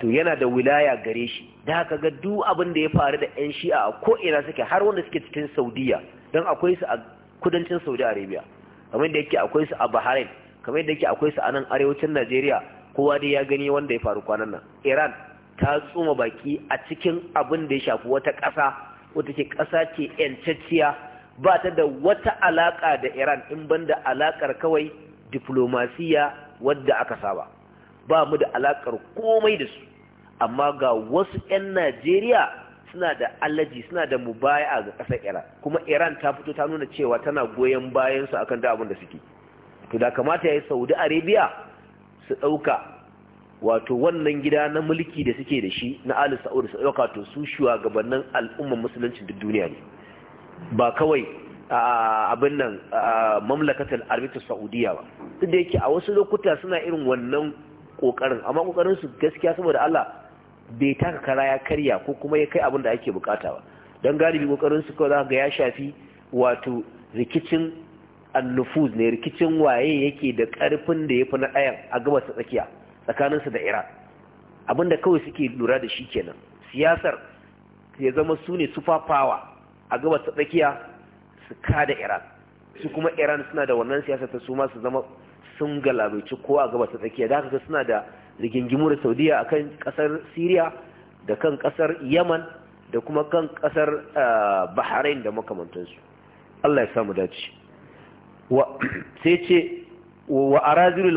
to yana da wilaya gare shi da haka ga duk abin da ya faru da yan shi'a a ko ina suke har wanda suke cikin saudiya don akwai su a kudancin saudi arabia kamar da yake akwai su a bahrain kamar da yake akwai su a nan arewacin najeriya kowa dai ya gani wanda ya faru kwanan nan iran ta tsoma baki a cikin abin da ya shafi wata ƙasa wata ke ƙasa ce yancacciya ba ta da wata alaƙa da iran in banda alaƙar kawai diplomasiya wadda aka saba ba mu da alakar komai da su amma ga wasu 'yan Najeriya suna da alaji suna da mubaya ga ƙasar Iran kuma Iran ta fito ta nuna cewa tana goyon bayan su akan da abin da suke to da kamata yayi Saudi Arabia su ɗauka wato wannan gida na mulki da suke da shi na Ali Saud su ɗauka to su shugabannin al'umman musulunci duk duniya ne ba kawai abin nan mamlakatar arbitar saudiya ba duk da yake a wasu lokuta suna irin wannan kokarin amma kokarin su gaskiya saboda Allah bai taka kara ya karya ko kuma ya kai abin da ake bukata ba don galibi kokarin su kawai ga ya shafi wato rikicin annufuz ne rikicin waye yake da karfin da yafi na ɗayan a gabas ta tsakiya tsakaninsu da iran abinda kawai suke lura da shi kenan siyasar ya zama su ne super power a gaba ta tsakiya su da iran su kuma iran suna da wannan siyasa ta suma su zama sun galabaici ko a gabas ta tsakiya da haka suna da rigingimu da saudiya a kan kasar syria da kan kasar yaman da kuma kan kasar eh, bahrain da makamantansu allah ya samu dace sai ce wa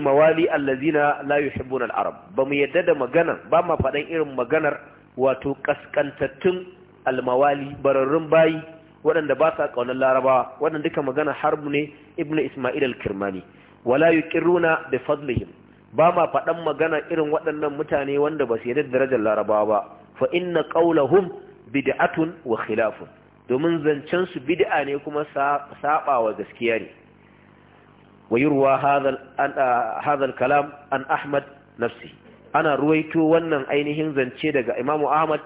mawali allazina la yuhibbuna al-arab ba mu yadda da magana ba ma faɗan irin maganar wato kaskantattun almawali bararrun bayi waɗanda ba sa ƙaunar larabawa waɗanda duka magana harbu ne ibnu isma'il al-kirmani wala yuqirruna bi fadlihim ba ma faɗan magana irin waɗannan mutane wanda ba su yarda da darajar larabawa ba fa inna qawlahum bid'atun wa khilafun domin zancen su bid'a ne kuma saba wa gaskiya ne wayurwa hadha al-kalam an ahmad nafsi ana ruwaito wannan ainihin zance daga imamu ahmad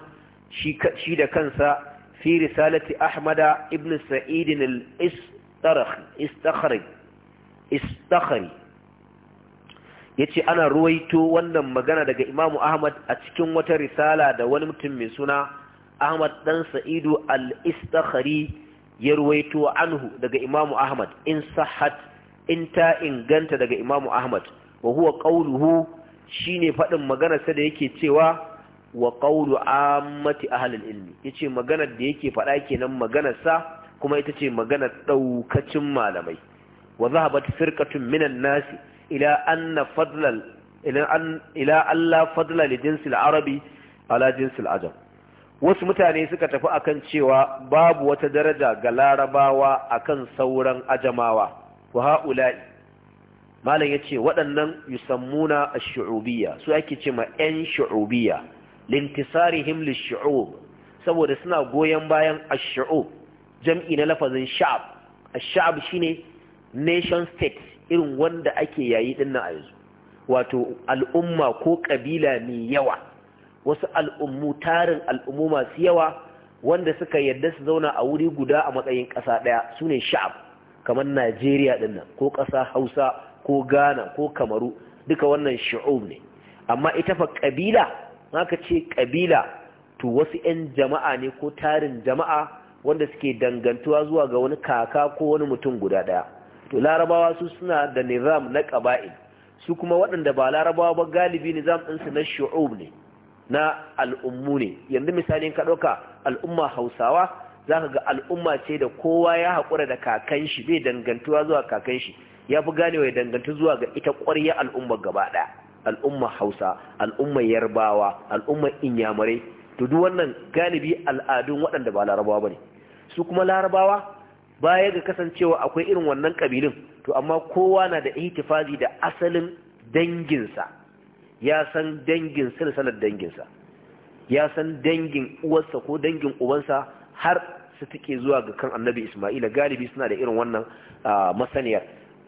shi da kansa في رسالة أحمد ابن سعيد الاسترخي استخري استخري yace ana ruwaito wannan magana daga Imam Ahmad a cikin wata risala da wani mutum mai suna Ahmad dan Sa'idu al-Istakhari ya ruwaito anhu daga Imam Ahmad in sahhat in ta inganta daga Imam Ahmad wa huwa qawluhu shine fadin magana sa da yake cewa wa qawlu ammati ahli ilmi yace maganar da yake faɗa kenan maganar sa kuma ita ce maganar daukacin malamai wa zahabat firqatun minan nas ila anna fadlal ila an ila alla fadl li al arabi ala al ajam wasu mutane suka tafi akan cewa babu wata daraja ga larabawa akan sauran ajamawa wa ha'ula'i malam yace waɗannan yusammuna ash-shu'ubiyya su ake ce ma 'yan shu'ubiyya lintisarihim lishu'ub saboda suna goyon bayan ash-shu'ub jam'i na lafazin sha'ab ash-sha'ab shine nation state irin wanda ake yayi dinnan a yanzu wato al'umma ko kabila mai yawa wasu al'ummu tarin al'ummu masu yawa wanda suka yadda su zauna a wuri guda a matsayin kasa daya sune sha'ab kamar najeriya dinnan, ko kasa hausa ko Gana, ko kamaru duka wannan shu'ub ne amma ita fa kabila. haka ce kabila to wasu 'yan jama'a ne ko tarin jama'a wanda suke dangantuwa zuwa ga wani kaka ko wani mutum guda ɗaya to larabawa su suna da nizam na ƙaba'il su kuma waɗanda ba larabawa ba galibi nizam ɗinsu na shu'ub ne na al'ummu ne yanzu misali ka ɗauka al'umma hausawa za ka ga al'umma ce da kowa ya haƙura da kakan shi bai dangantuwa zuwa kakan shi ya fi ganewa ya dangantu zuwa ga ita ƙwarya al'ummar gaba ɗaya al'umma hausa al'umma yarbawa al'umma inyamurai to duk wannan galibi al'adun waɗanda ba larabawa ba ne su kuma larabawa baya ga kasancewa akwai irin wannan ƙabilun to amma kowa na da ihtifazi da asalin danginsa ya san dangin silsilar danginsa ya san dangin uwarsa ko dangin ubansa har su tike zuwa ga kan annabi isma'ila galibi suna da irin wannan ah, masaniyar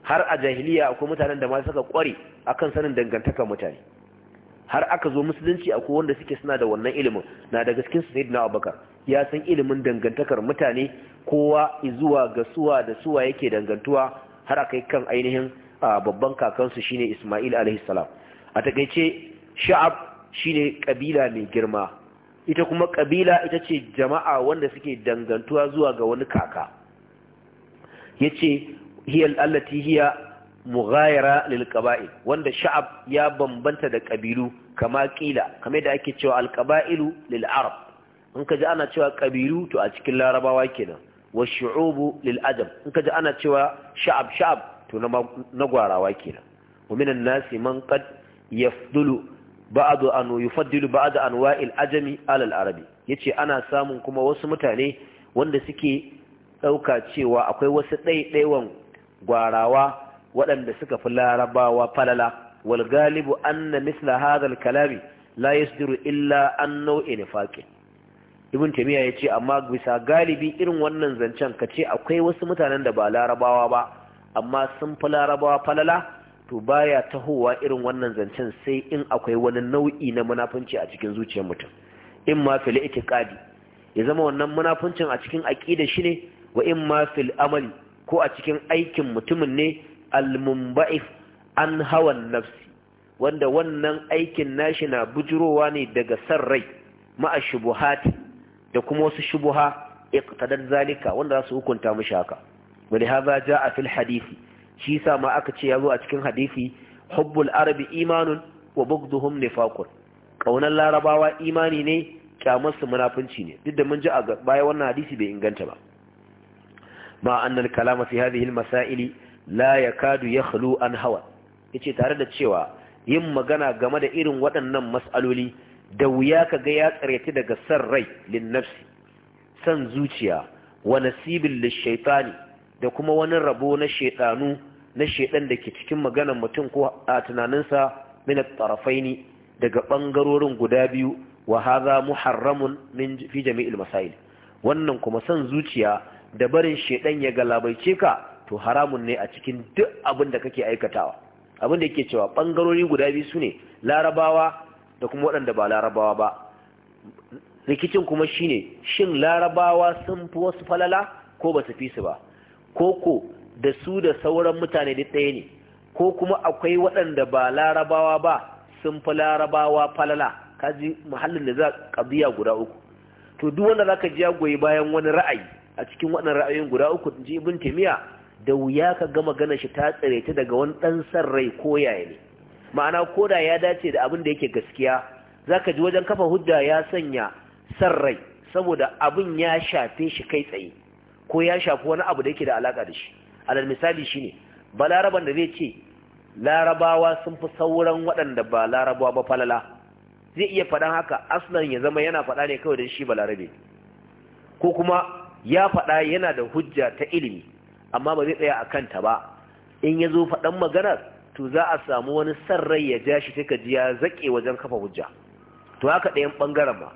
har a jahiliya akwai mutanen da ma suka kware akan sanin dangantakar mutane har aka zo musulunci akwai wanda suke suna da wannan ilimin na daga cikin sayyidina abubakar ya san ilimin dangantakar mutane kowa zuwa ga suwa da suwa yake dangantuwa har aka yi kan ainihin babban kakansu shine isma'il alaihi salam a takaice sha'ab shine kabila mai girma ita kuma kabila ita ce jama'a wanda suke dangantuwa zuwa ga wani kaka yace hiyar allati hiya mughayira lil qaba'il wanda sha'ab ya bambanta da kabilu kama kila kamar da ake cewa al qaba'ilu lil arab in ka ji ana cewa kabilu to a cikin larabawa kenan wa shu'ubu lil ajam in ka ji ana cewa sha'ab sha'ab to na gwarawa kenan wa minan nasi man qad yafdulu ba'du an yufaddilu ba'd anwa'il ajami ala al arabi yace ana samun kuma wasu mutane wanda suke dauka cewa akwai wasu ɗaiɗaiwan gwarawa waɗanda suka fi larabawa falala wal galibu anna misla hadha al kalami la yasdiru illa an naw'i nifaqi ibn tamiya yace amma bisa galibi irin wannan zancen kace akwai wasu mutanen da ba larabawa ba amma sun fi larabawa falala to baya tahowa irin wannan zancen sai in akwai wani nau'i na munafunci a cikin zuciyar mutum in ma fil itiqadi ya zama wannan munafuncin a cikin aqida shi ne wa in ma fil amali ko a cikin aikin mutumin ne almumba'if an hawan nafsi wanda wannan aikin nashi na bujurowa ne daga san rai ma'a shubuhati da kuma wasu shubuha iqtadar zalika wanda za su hukunta mishi haka wani haza ja a fil hadisi shi sa ma aka ce ya zo a cikin hadisi hubbul arabi imanun wa bugduhum nifaqun kaunar larabawa imani ne kyamarsu munafunci ne duk da mun ji a baya wannan hadisi bai inganta ba ma annal kalama fi hadhihi al-masail la yakadu yakhlu an hawa yace tare da cewa yin magana game da irin waɗannan mas'aloli da wuya ga ya tsareti daga san rai lin nafsi san zuciya wa nasibin lishaitani da kuma wani rabo na shaidanu na shaidan da ke cikin maganar mutum ko a tunaninsa min tarafaini daga bangarorin guda biyu wa hadha muharramun min fi jami'il masail wannan kuma san zuciya da barin shedan ya galabaice ka to haramun ne a cikin duk abin da kake aikatawa abin da yake cewa bangarori guda biyu sune larabawa da kuma waɗanda ba larabawa ba rikicin kuma shine shin larabawa sun fi wasu falala ko ba su fi su ba ko da su da sauran mutane da ɗaya ne ko kuma akwai waɗanda ba larabawa ba sun fi larabawa falala kaji muhallin da za biya guda uku to duk wanda za ka ya goyi bayan wani ra'ayi a cikin waɗannan ra'ayoyin guda uku ji ibn taymiya da wuya ka ga magana shi ta tsare ta daga wani dan san rai ko yaya ne ma'ana ko da ya dace da abin da yake gaskiya zaka ji wajen kafa hujja ya sanya san rai saboda abin ya shafe shi kai tsaye ko ya shafi wani abu da yake da alaka da shi alal misali shine balaraban da zai ce larabawa sun fi sauran waɗanda ba larabawa ba falala zai iya faɗan haka aslan ya zama yana faɗa ne kawai da shi balarabe ko kuma ya faɗa yana da hujja ta ilimi amma ba zai tsaya a kanta ba in ya zo faɗan maganar to za a samu wani san rai ya ja shi suka ji ya zaƙe wajen kafa hujja to haka ɗayan ɓangaren ma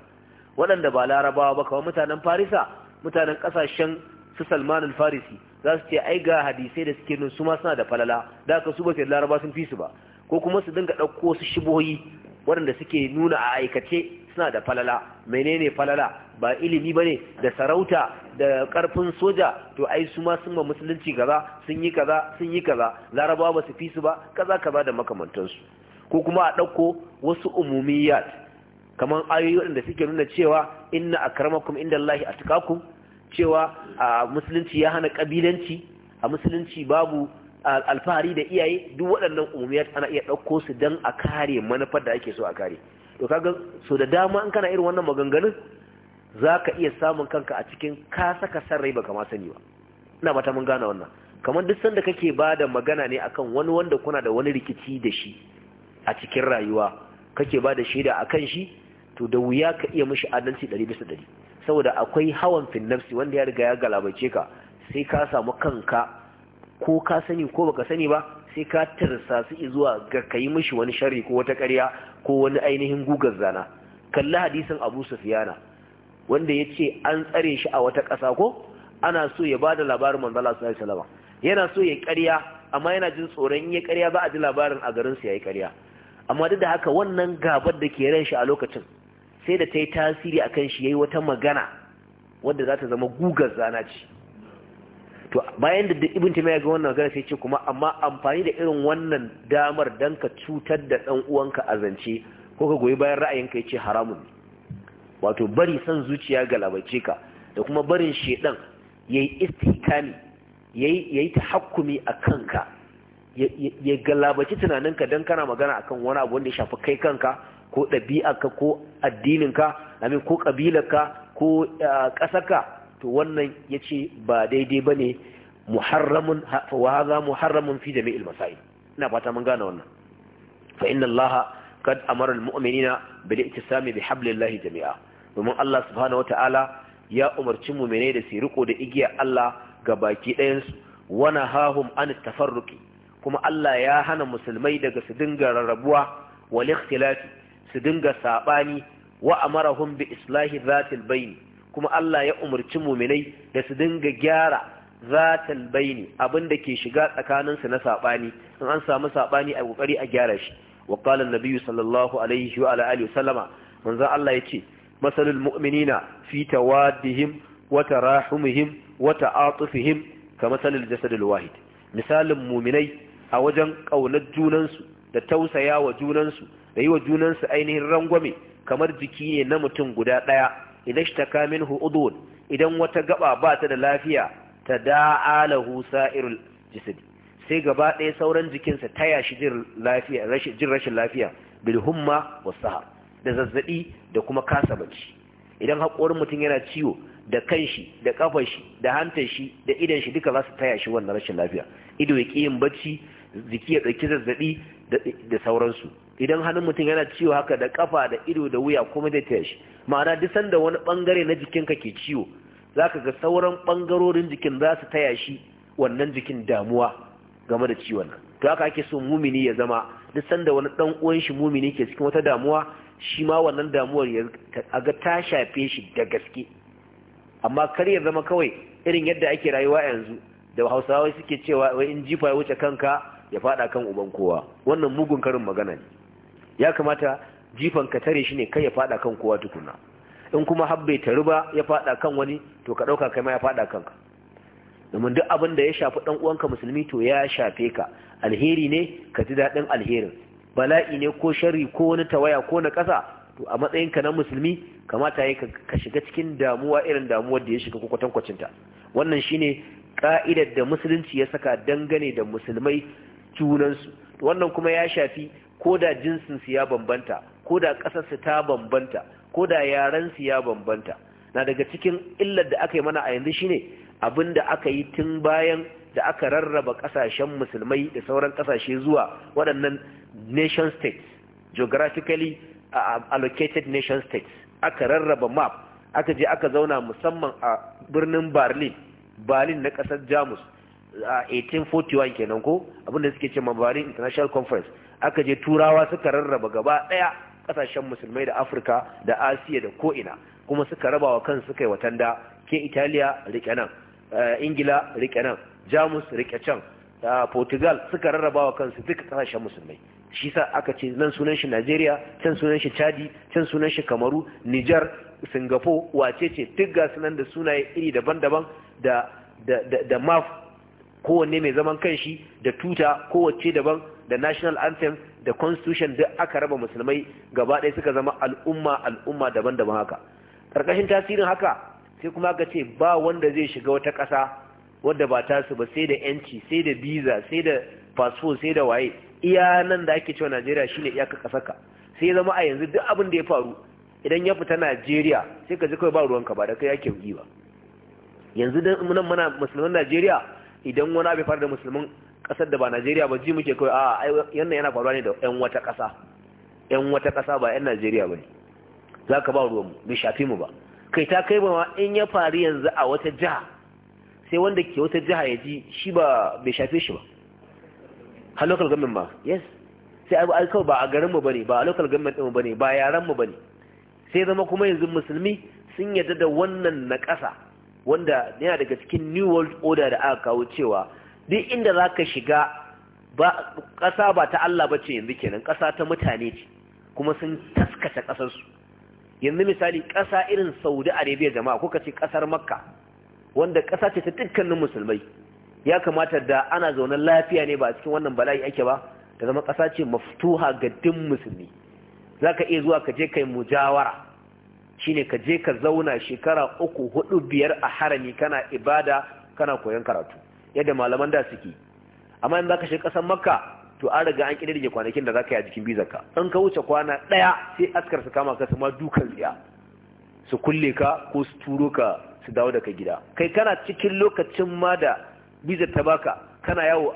waɗanda ba larabawa ba kawai mutanen farisa mutanen ƙasashen su salman farisi za su ce ai ga hadisai da suke nun su ma suna da falala da haka su ba su laraba sun fi su ba ko kuma su dinga ɗauko wasu shibohi waɗanda suke nuna a aikace suna da falala menene falala ba ilimi bane da sarauta da karfin soja to ai su ma sun ba musulunci kaza sun yi kaza sun yi kaza laraba ba su fi su ba kaza kaza da makamantansu ko kuma a ɗauko wasu umumiyat kamar ayoyi waɗanda suke nuna cewa inna akramakum inda a atqakum cewa a musulunci ya hana kabilanci a musulunci babu alfahari da iyaye duk waɗannan umumiyat ana iya ɗauko su don a kare manufar da ake so a kare to kaga so da dama in kana irin wannan maganganun zaka iya samun kanka a cikin ka saka san rai baka ma sani ba ina bata mun gane wannan kamar duk sanda kake ba da magana ne akan wani wanda kuna da wani rikici da shi a cikin rayuwa kake bada shaida akan shi to da wuya ka iya mishi adalci 100 bisa 100 saboda akwai hawan fin nafsi wanda ya riga ya galabace ka sai ka samu kanka ko ka sani ko baka sani ba sai ka tirsa su zuwa ga kai mishi wani sharri ko wata ƙarya ko wani ainihin gugar zana kalli hadisin abu sufiyana wanda ya ce an tsare shi a wata ƙasa ko ana so ya ba da labarin manzala su salama yana so ya karya amma yana jin tsoron ya karya ba a ji labarin a garinsu ya yi karya amma duk da haka wannan gabar da ke ran shi a lokacin sai da ta yi tasiri a kan shi ya yi wata magana wadda za ta zama gugar zana ce to bayan da ibn taymiya ga wannan magana sai ce kuma amma amfani da irin wannan damar dan ka cutar da dan uwanka a zance, ko ka goyi bayan ra'ayinka yace haramun wato bari san zuciya galabace ka da kuma barin shedan yayi istihkami yayi yayi tahakkumi a kanka ya galabaci tunaninka dan kana magana akan wani abu wanda ya shafi kai kanka ko ɗabi'arka ko addininka amin ko ƙabilarka ko ah, ƙasarka to wannan yace ba daidai bane muharramun wa hadha muharramun fi jami'il masail ina fata mun gane wannan fa inna allaha kad amara almu'minina bil ittisami bi hablillahi jami'a domin Allah subhanahu wataala ya umarci mu'minai da su riko da igiya Allah ga baki ɗayan su wana nahahum an tafarruqi kuma Allah ya hana musulmai daga su dinga rarrabuwa wal ikhtilafi su dinga sabani wa amarahum bi islahi dhatil bayni kuma Allah ya umarci muminai da su dinga gyara zatal baini abin da ke shiga tsakaninsu na saɓani in an samu saɓani a ƙoƙari a gyara shi wa qala an sallallahu alaihi wa alihi wasallama manzo Allah yace masalul mu'minina fi tawaddihim wa tarahumihim wa ta'atufihim ka masalul jasadil wahid misalin muminai a wajen ƙaunar junansu da tausaya wa junansu da yi wa junansu ainihin rangwame kamar jiki ne na mutum guda ɗaya idan shi ta kamin hu'udun idan wata gaba ba ta da lafiya ta da'a husa irin jisd sai gaba ɗaya sauran jikinsa ta yashi jin rashin lafiya bil humma wa sahar da zazzaɓi da kuma kasa bacci idan haƙorin mutum yana ciwo da kanshi da ƙafashi da hantar shi da idon shi duka za su ta yashi wannan rashin lafiya ido ya ƙi yin bacci jiki ya ɗauki zazzaɓi da sauransu idan hannun mutum yana ciwo haka da kafa da ido da wuya kuma da ta yashi, ma'ana duk sanda wani bangare na jikinka ke ciwo zaka ga sauran bangarorin jikin za su taya shi wannan jikin damuwa game da ciwon nan to haka ake so mumini ya zama duk sanda wani dan uwan shi mumini ke cikin wata damuwa shi ma wannan damuwar ya ga ta shafe shi da gaske amma kar ya zama kawai irin yadda ake rayuwa yanzu da Hausawa suke cewa wai in jifa ya wuce kanka ya fada kan uban kowa wannan mugun karin magana ne ya kamata jifan ka tare shi ne kai ya fada kan kowa tukuna in kuma habbe ta riba ya fada kan wani to ka dauka kai ma ya fada kanka domin duk abin da ya shafi dan uwanka musulmi to ya shafe ka alheri ne ka ji dadin alherin bala'i ne ko sharri ko wani tawaya ko na kasa to a matsayinka na musulmi kamata yayi ka shiga cikin damuwa irin damuwar da ya shiga kwatankwacin ta wannan shine ka'idar da musulunci ya saka dangane da musulmai junansu wannan kuma ya shafi ko da jinsinsu ya bambanta ko da ƙasarsu ta bambanta ko da yarensu ya bambanta na daga cikin illar da aka yi mana a yanzu shine abin da aka yi tun bayan da aka rarraba ƙasashen musulmai da sauran ƙasashe zuwa waɗannan nation states geographically allocated nation states aka rarraba map aka je aka zauna musamman a birnin berlin berlin na ƙasar jamus a 1841 kenan ko abinda suke ce ma berlin international conference aka je turawa suka rarraba gaba ɗaya ƙasashen musulmai da afirka da asiya da ko'ina kuma suka raba wa kan suka yi watanda ke italiya rike nan eh, ingila rike nan jamus riƙe can eh, portugal suka rarraba wa kansu duka ƙasashen musulmai shi sa aka ce nan sunan shi Najeriya can sunan shi Chadi can sunan shi Kamaru Niger Singapore wace ce duk ga sunan da sunaye iri daban-daban da MAF kowanne mai zaman kanshi da tuta kowace daban da national anthem da constitution duk aka raba musulmai gaba ɗaya suka zama al'umma al'umma daban-daban haka ƙarƙashin tasirin haka sai kuma aka ce ba wanda zai shiga wata ƙasa wadda ba ta su ba sai da yanci sai da visa sai da passport sai da waye iya nan da ake cewa Najeriya shine iyakar ƙasarka sai zama a yanzu duk abin da ya faru idan ya fita Najeriya sai ka ji kawai ba ruwanka ba da kai yake yi ba yanzu dan nan mana musulman Najeriya idan wani abu ya faru da musulman kasar da ba Najeriya ba ji muke kawai a yannan yana faruwa ne da ƴan wata ƙasa ƴan wata ƙasa ba ƴan Najeriya ba ne za ka ba ruwan bai shafi mu ba kai ta kai ba ma in ya faru yanzu a wata jiha sai wanda ke wata jiha ya ji shi ba bai shafe shi ba har local government ba yes sai abu alkawar ba a garinmu ba ne ba a local government ɗinmu ba ne ba yaranmu ba ne sai zama kuma yanzu musulmi sun yadda da wannan na ƙasa wanda yana daga cikin new world order da aka kawo cewa duk inda za ka shiga ƙasa ba ta Allah ba ce yanzu kenan ƙasa ta mutane ce kuma sun taskata ƙasarsu yanzu misali ƙasa irin saudi arabia jama'a kuka ce ƙasar makka wanda ƙasa ce ta dukkanin musulmai ya kamata da ana zaune lafiya ne ba a cikin wannan bala'i ake ba ta zama ƙasa ce maftuha ga duk musulmi za ka iya zuwa ka je kai mujawara shine ka je ka zauna shekara uku hudu biyar a harami kana ibada kana koyon karatu yadda malaman da suke amma in zaka shiga kasan makka to an riga an kidirge kwanakin da zaka yi a jikin bizar ka in ka wuce kwana daya sai askar su kama ka su ma dukan ziya su kulle ka ko su turo ka su dawo daga gida kai kana cikin lokacin ma da bizar ta baka kana yawo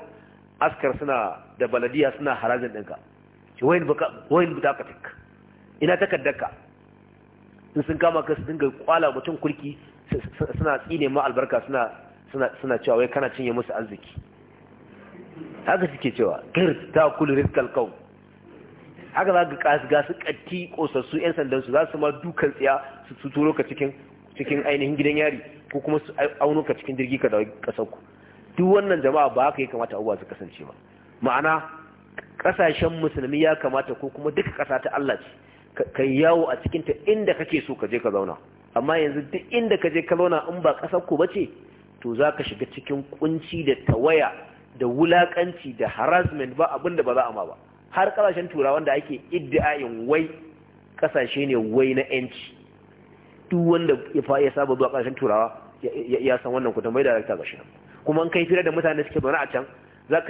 askar suna da baladiya suna harajin ɗinka wayin tik ina takaddaka in sun kama ka su dinga kwala mutum kulki suna tsine ma albarka suna suna cewa wai kana cinye musu arziki haka suke cewa gir ta kulu rizkal qaum haka za ga kasu gasu katti kosassu yan sandan su za su ma dukan tsiya su turo ka cikin cikin ainihin gidan yari ko kuma su auno ka cikin jirgi ka dawo kasar ku duk wannan jama'a ba haka ya kamata abubuwa su kasance ba ma'ana kasashen musulmi ya kamata ko kuma duka kasa ta Allah ce ka yawo a cikin ta inda kake so ka je ka zauna amma yanzu duk inda ka je ka zauna in ba kasar ku bace to za ka shiga cikin kunci da tawaya da wulakanci da harassment ba abinda ba za a ma ba har kasashen turawan da ake iddiayin wai kasashe ne wai na yanci duk wanda ya saba zuwa kasashen turawa ya san wannan kudin bai da ga shi kuma an kai fira da mutane suke zaune a can za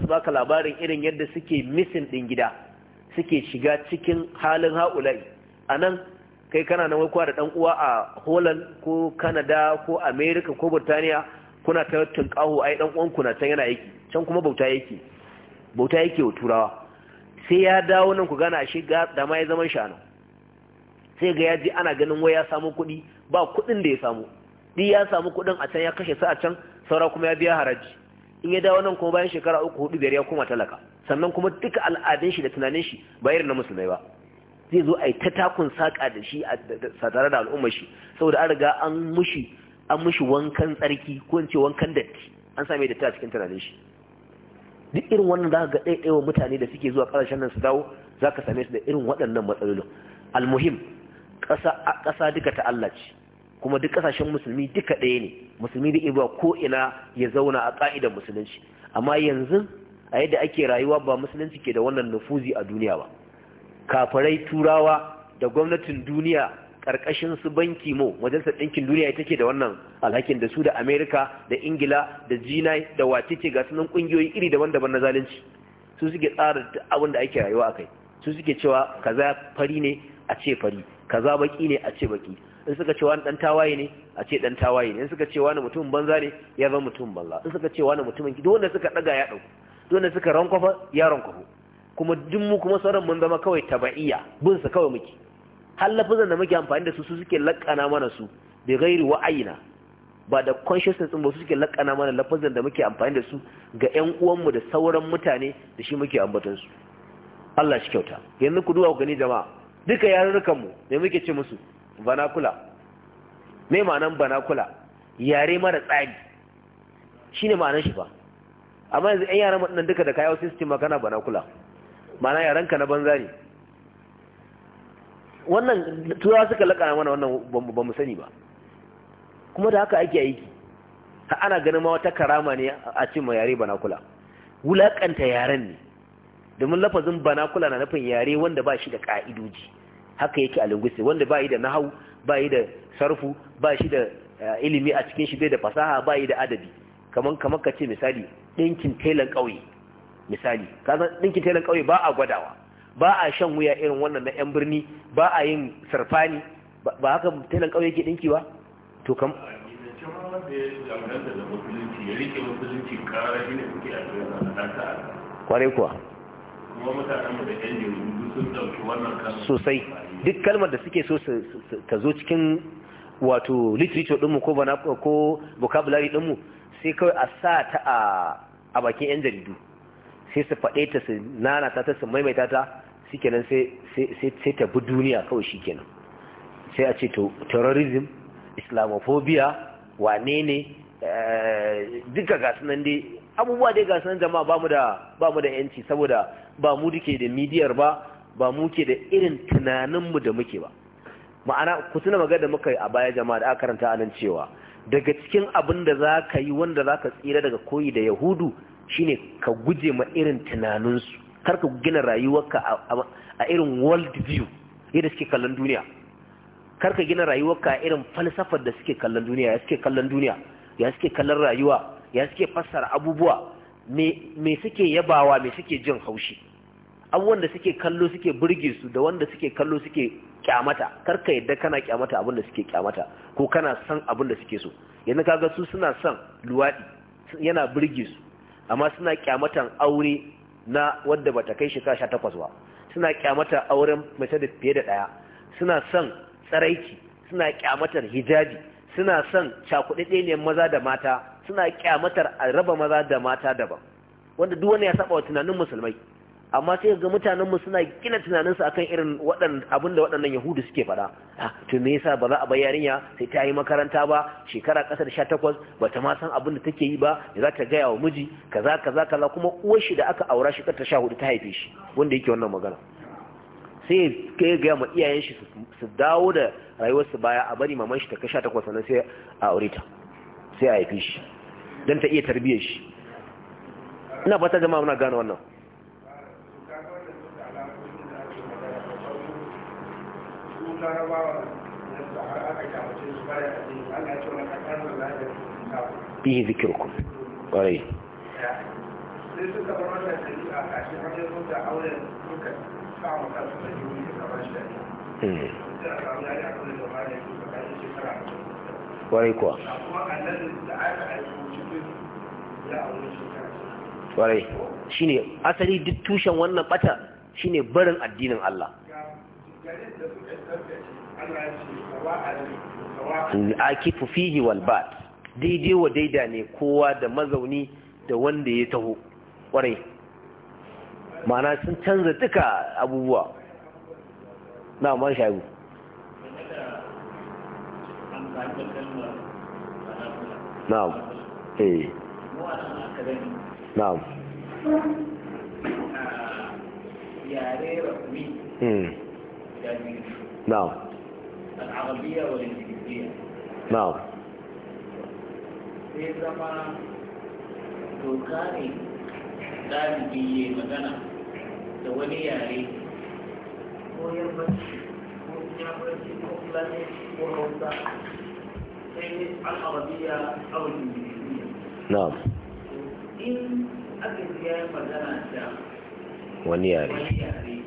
su baka labarin irin yadda suke misin din gida suke shiga cikin halin haula'i a nan kai kana nan kuwa da ɗan uwa a Holland ko Canada ko America ko Burtaniya kuna ta tunkaho ai dan uwanku na can yana yake can kuma bauta yake bauta yake wa turawa sai ya dawo nan ku gana shi ga da ya zaman shanu sai ga yaji ana ganin wai ya samu kuɗi ba kuɗin da ya samu ɗi ya samu kuɗin a can ya kashe su a can saura kuma ya biya haraji in ya dawo nan kuma bayan shekara uku hudu biyar ya koma talaka sannan kuma duka al'adun shi da tunanin shi ba irin na musulmai ba zai zo a yi ta takun saƙa da shi a tare da al'ummar shi saboda an riga an mushi an mushi wankan tsarki ko in ce wankan datti an same datti a cikin tunanin shi duk irin wannan za ka ga ɗaiɗaiwa mutane da suke zuwa ƙasashen nan su dawo za ka same su da irin waɗannan matsalolin almuhim ƙasa duka ta Allah ce kuma duk ƙasashen musulmi duka ɗaya ne musulmi da ibuwa ko ina ya zauna a ƙa'idar musulunci amma yanzu a yadda ake rayuwa ba musulunci ke da wannan nufuzi a duniya ba kafirai turawa da gwamnatin duniya ƙarƙashin su banki mo majalisar ɗinkin duniya ita ke da wannan alhakin da su da amerika da ingila da jinai da ce ga sunan ƙungiyoyi iri daban-daban na zalunci su suke tsara abin da ake rayuwa akai su suke cewa kaza fari ne a ce fari kaza baki ne a ce baki in suka ce wani dan tawaye ne a ce dan tawaye ne in suka ce wani mutumin banza ne ya zama mutumin banza in suka ce wani mutumin ki dole suka daga ya dauko dole suka rankwafa ya rankwafa kuma duk mu kuma sauran mun zama kawai taba'iya bin su kawai muke hallafin da muke amfani da su su suke lakana mana su bi ghairi wa'ayina ba da consciousness din ba su suke lakana mana lafazan da muke amfani da su ga ƴan uwanmu da sauran mutane da shi muke ambaton su Allah shi kyauta yanzu ku duba ku gani jama'a duka yarurrukan mu me muke ce musu banakula me ma'anan banakula yare mara tsari shine ma'anar shi ba amma yanzu ƴan yaran nan duka da kayan system magana banakula mana yaranka na banza ne wannan tura suka laƙa mana wannan ba mu sani ba kuma da haka ake aiki ana ganin ma wata karama ne a cin ma yare banakula wulaƙanta yaren ne domin lafazin banakula na nufin yare wanda ba shi da ƙa'idoji haka yake a linguisti wanda ba yi da nahau ba yi da sarfu ba shi da eh, ilimi a cikin shi bai da fasaha ba yi da adabi kamar ka ce misali ɗinkin telan ƙauye misali kasan dinki tailan ƙauye ba a gwadawa ba a shan wuya irin wannan na 'yan birni ba a yin sarfani ba haka tailan ƙauye ke dinki ba to kam kwarai kuwa sosai duk kalmar da suke so ta zo cikin wato literature ɗinmu ko ko vocabulary ɗinmu sai kawai a sa ta a bakin 'yan jaridu sai su faɗe ta su nana ta su maimaita ta kenan sai ta bi duniya kawai shi kenan. sai a ce to terrorism islamophobia wane ne eh, duka ga sunan dai abubuwa dai ga sunan jama'a ba mu da ba da yanci saboda ba mu duke da midiyar ba ba mu ke da irin tunaninmu da muke ba ma'ana ku tuna magana da muka yi a baya jama'a da aka karanta anan cewa daga cikin abin da za ka yi wanda za ka tsira daga koyi da yahudu shine ka guje ma irin tunaninsu kar ka gina rayuwarka a irin world view yadda suke kallon duniya kar ka gina rayuwarka a irin falsafar da suke kallon duniya ya suke kallon duniya ya suke kallon rayuwa ya suke fassara abubuwa me suke yabawa me suke jin haushi abubuwan da suke kallo suke burge su da wanda suke kallo suke kyamata kar ka yadda kana kyamata abin da suke kyamata ko kana son abin da suke so yanzu kaga su suna son luwaɗi yana burge su amma suna kyamatan aure na wadda bata kai shekara sha takwas ba suna kyamatan auren mace da fiye da ɗaya suna son tsaraici suna kyamatan hijabi suna son cakuɗaɗɗeniyar maza da mata suna kyamatar a raba maza da mata daban wanda duk wani ya saba wa tunanin musulmai amma sai ga mutanen mu suna gina tunaninsu akan irin waɗannan abin da waɗannan yahudu suke faɗa ah, to me yasa ba za a bar yarinya sai ta yi makaranta ba shekara ƙasar 18 ta ma san abin da take yi ba za ta gaya wa miji kaza kaza kaza kuma uwar shi da aka aura shekara ta 14 ta haife shi wanda yake wannan magana sai ya gaya ma iyayen shi su dawo da rayuwarsu baya a bari maman shi ta kai 18 sannan sai a aure ta sai a haife shi don ta iya tarbiyyar shi ina fata jama'a muna gane wannan shi ne asali duk tushen wannan bata shine barin addinin Allah akifu fihi wal bat daidai wa daida ne kowa da mazauni da wanda ya taho kwarai Mana sun canza duka abubuwa na man shagu na'am eh na'am yare rasmi نعم العربية والإنجليزية نعم في زمان توكاري دان بي مدنة توني ياري العربية أو نعم إن أكثر مدنة ونياري ونياري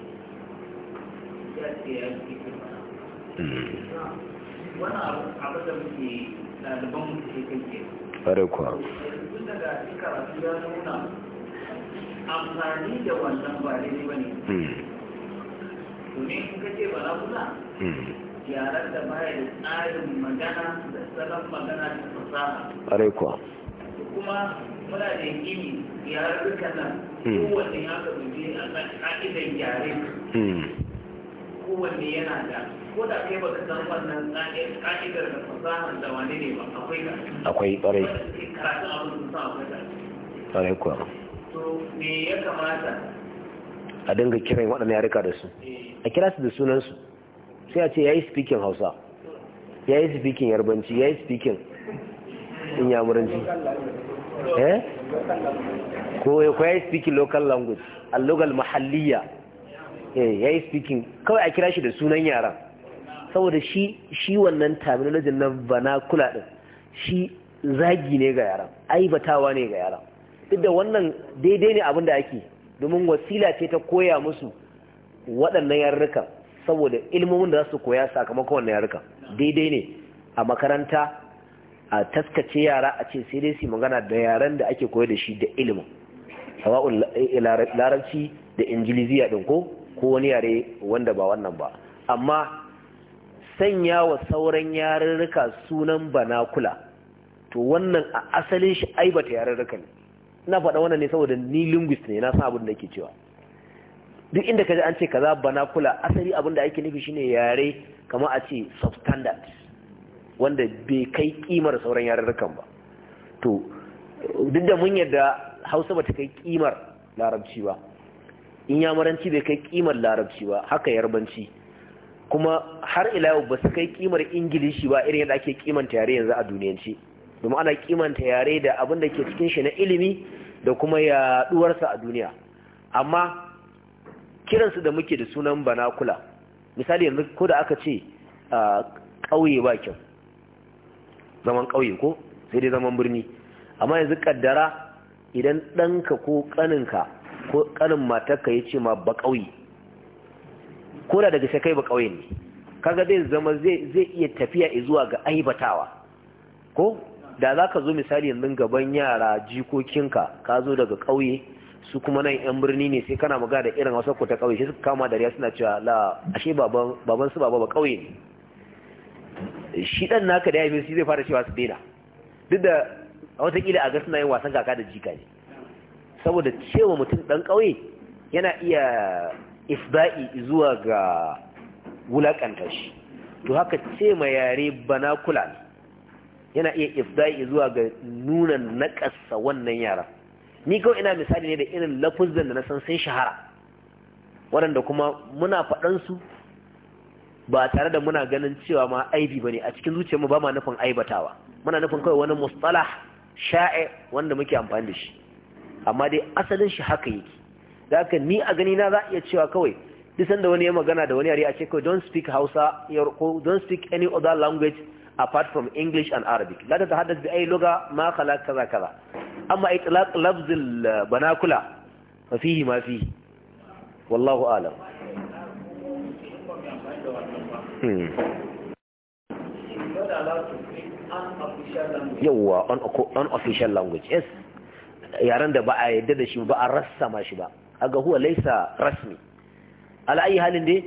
kuwa amfani da wannan ba ne ba ne ka ce ba kula yaran da baya da tsarin magana da salon magana da fasaha kuwa kuma muna da gini yaran dukkan nan ya ka a kaidan yare kowanne yana da ko da kai ba ka san wannan ka'idar da fasahar da wani ne ba akwai ka akwai kwarai karatun abin da sa akwai ka kwarai kuwa to me ya kamata a dinga kiran waɗanda ya rika da su eh. a kira su da sunansu sai a ce ya yi speaking hausa ya yi speaking yarbanci ya yi speaking inyamuranci eh ko ya yi speaking local language a local mahalliya Eh, ya yi speaking kawai a kira shi da sunan yaran saboda shi wannan terminology na vernacular din shi zagi ne ga yaran aibatawa ne ga yaran duk da wannan daidai ne abin da ake domin wasila ce ta koya musu waɗannan yarurrukan saboda ilmomin da za su koya sakamakon wannan yarurrukan daidai ne a makaranta a taskace yara a ce sai dai su magana da yaran da ake koyar da shi da ilimin sawa'un eh, larabci da ingiliziya din ko ko wani yare wanda ba wannan ba amma sanya wa sauran yarurruka sunan banakula to wannan a asalin shi ai bata yarurruka ne ina faɗa wannan ne saboda ni linguist ne na san abin da ke cewa duk inda kaje an ce kaza banakula asali abin da ake nufi shine yare kamar a ce substandard wanda bai kai kimar sauran yarurrukan ba to duk da mun yadda hausa bata kai kimar larabci ba in yamuranci bai kai kimar larabci ba haka yarbanci kuma har ila yau ba su kai kimar ingilishi ba irin yadda ake kimanta yare yanzu a duniyance domin ana kimanta yare da abin da ke cikin shi na ilimi da kuma yaduwarsa a duniya amma kiransu da muke da sunan banakula misali yanzu ko da aka ce ƙauye ba kyau zaman ƙauye ko sai dai zaman birni amma yanzu kaddara idan ɗanka ko ƙaninka ko kanin matarka ya ce ma ba ƙauye ko da daga kai ba ƙauye ne kaga zai zama zai iya tafiya zuwa ga aibatawa ko da za ka zo misali yanzu gaban yara jikokinka ka zo daga ƙauye su kuma nan yan birni ne sai kana magana da irin wasu ta ƙauye sai suka kama da riya suna cewa la ashe baban baban su baba ba ƙauye ne shi dan naka da yayin shi zai fara cewa su daina duk da watakila a ga suna yin wasan kaka da jika ne saboda cewa mutum ɗan ƙauye yana iya isba'i zuwa ga wulaƙanta shi to haka ce ma yare banakula ne yana iya isba'i zuwa ga nuna naƙasa wannan yara ni kawai ina misali ne da irin lafuzan da na san sun shahara waɗanda kuma muna faɗansu ba tare da muna ganin cewa ma aibi ba ne a cikin zuciyarmu ba ma nufin aibatawa muna nufin kawai wani mustalah sha'i wanda muke amfani da shi amma dai asalin shi haka yake da haka ni a gani na za iya cewa kawai duk sanda wani ya magana da wani yare a ce kawai don't speak Hausa ko don't speak any other language apart from English and Arabic la tatahaddath bi ay lugha ma khala kaza kaza amma itlaq lafz al banakula fa fihi ma fihi wallahu a'lam hmm. yawa unofficial language yes yaren da ba a yadda da shi ba a rasa ma shi ba a ga huwa laisa rasmi ala ayi halin dai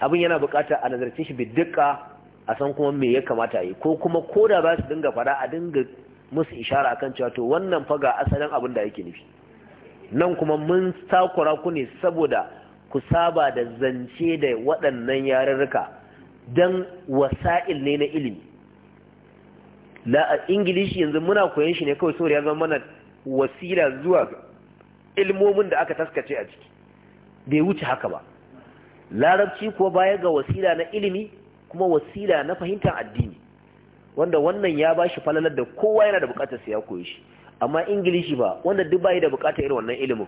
abin yana bukata a nazarci shi bidduka a san kuma me ya kamata yi ko kuma koda za su dinga fara a dinga musu ishara akan cewa to wannan faga asalin abin da yake nufi nan kuma mun takura ku ne saboda ku saba da zance da waɗannan yarurruka don wasa'il ne na ilimi la ingilishi yanzu muna koyon shi ne kawai saboda ya zama mana wasila zuwa ilmomin da aka taskace a ciki bai wuce haka ba larabci kuwa baya ga wasila na ilimi kuma wasila na fahimtar addini wanda wannan ya bashi falalar da kowa yana da bukatar su ya koyi shi amma ingilishi ba wanda duk bai da bukatar irin wannan ilimin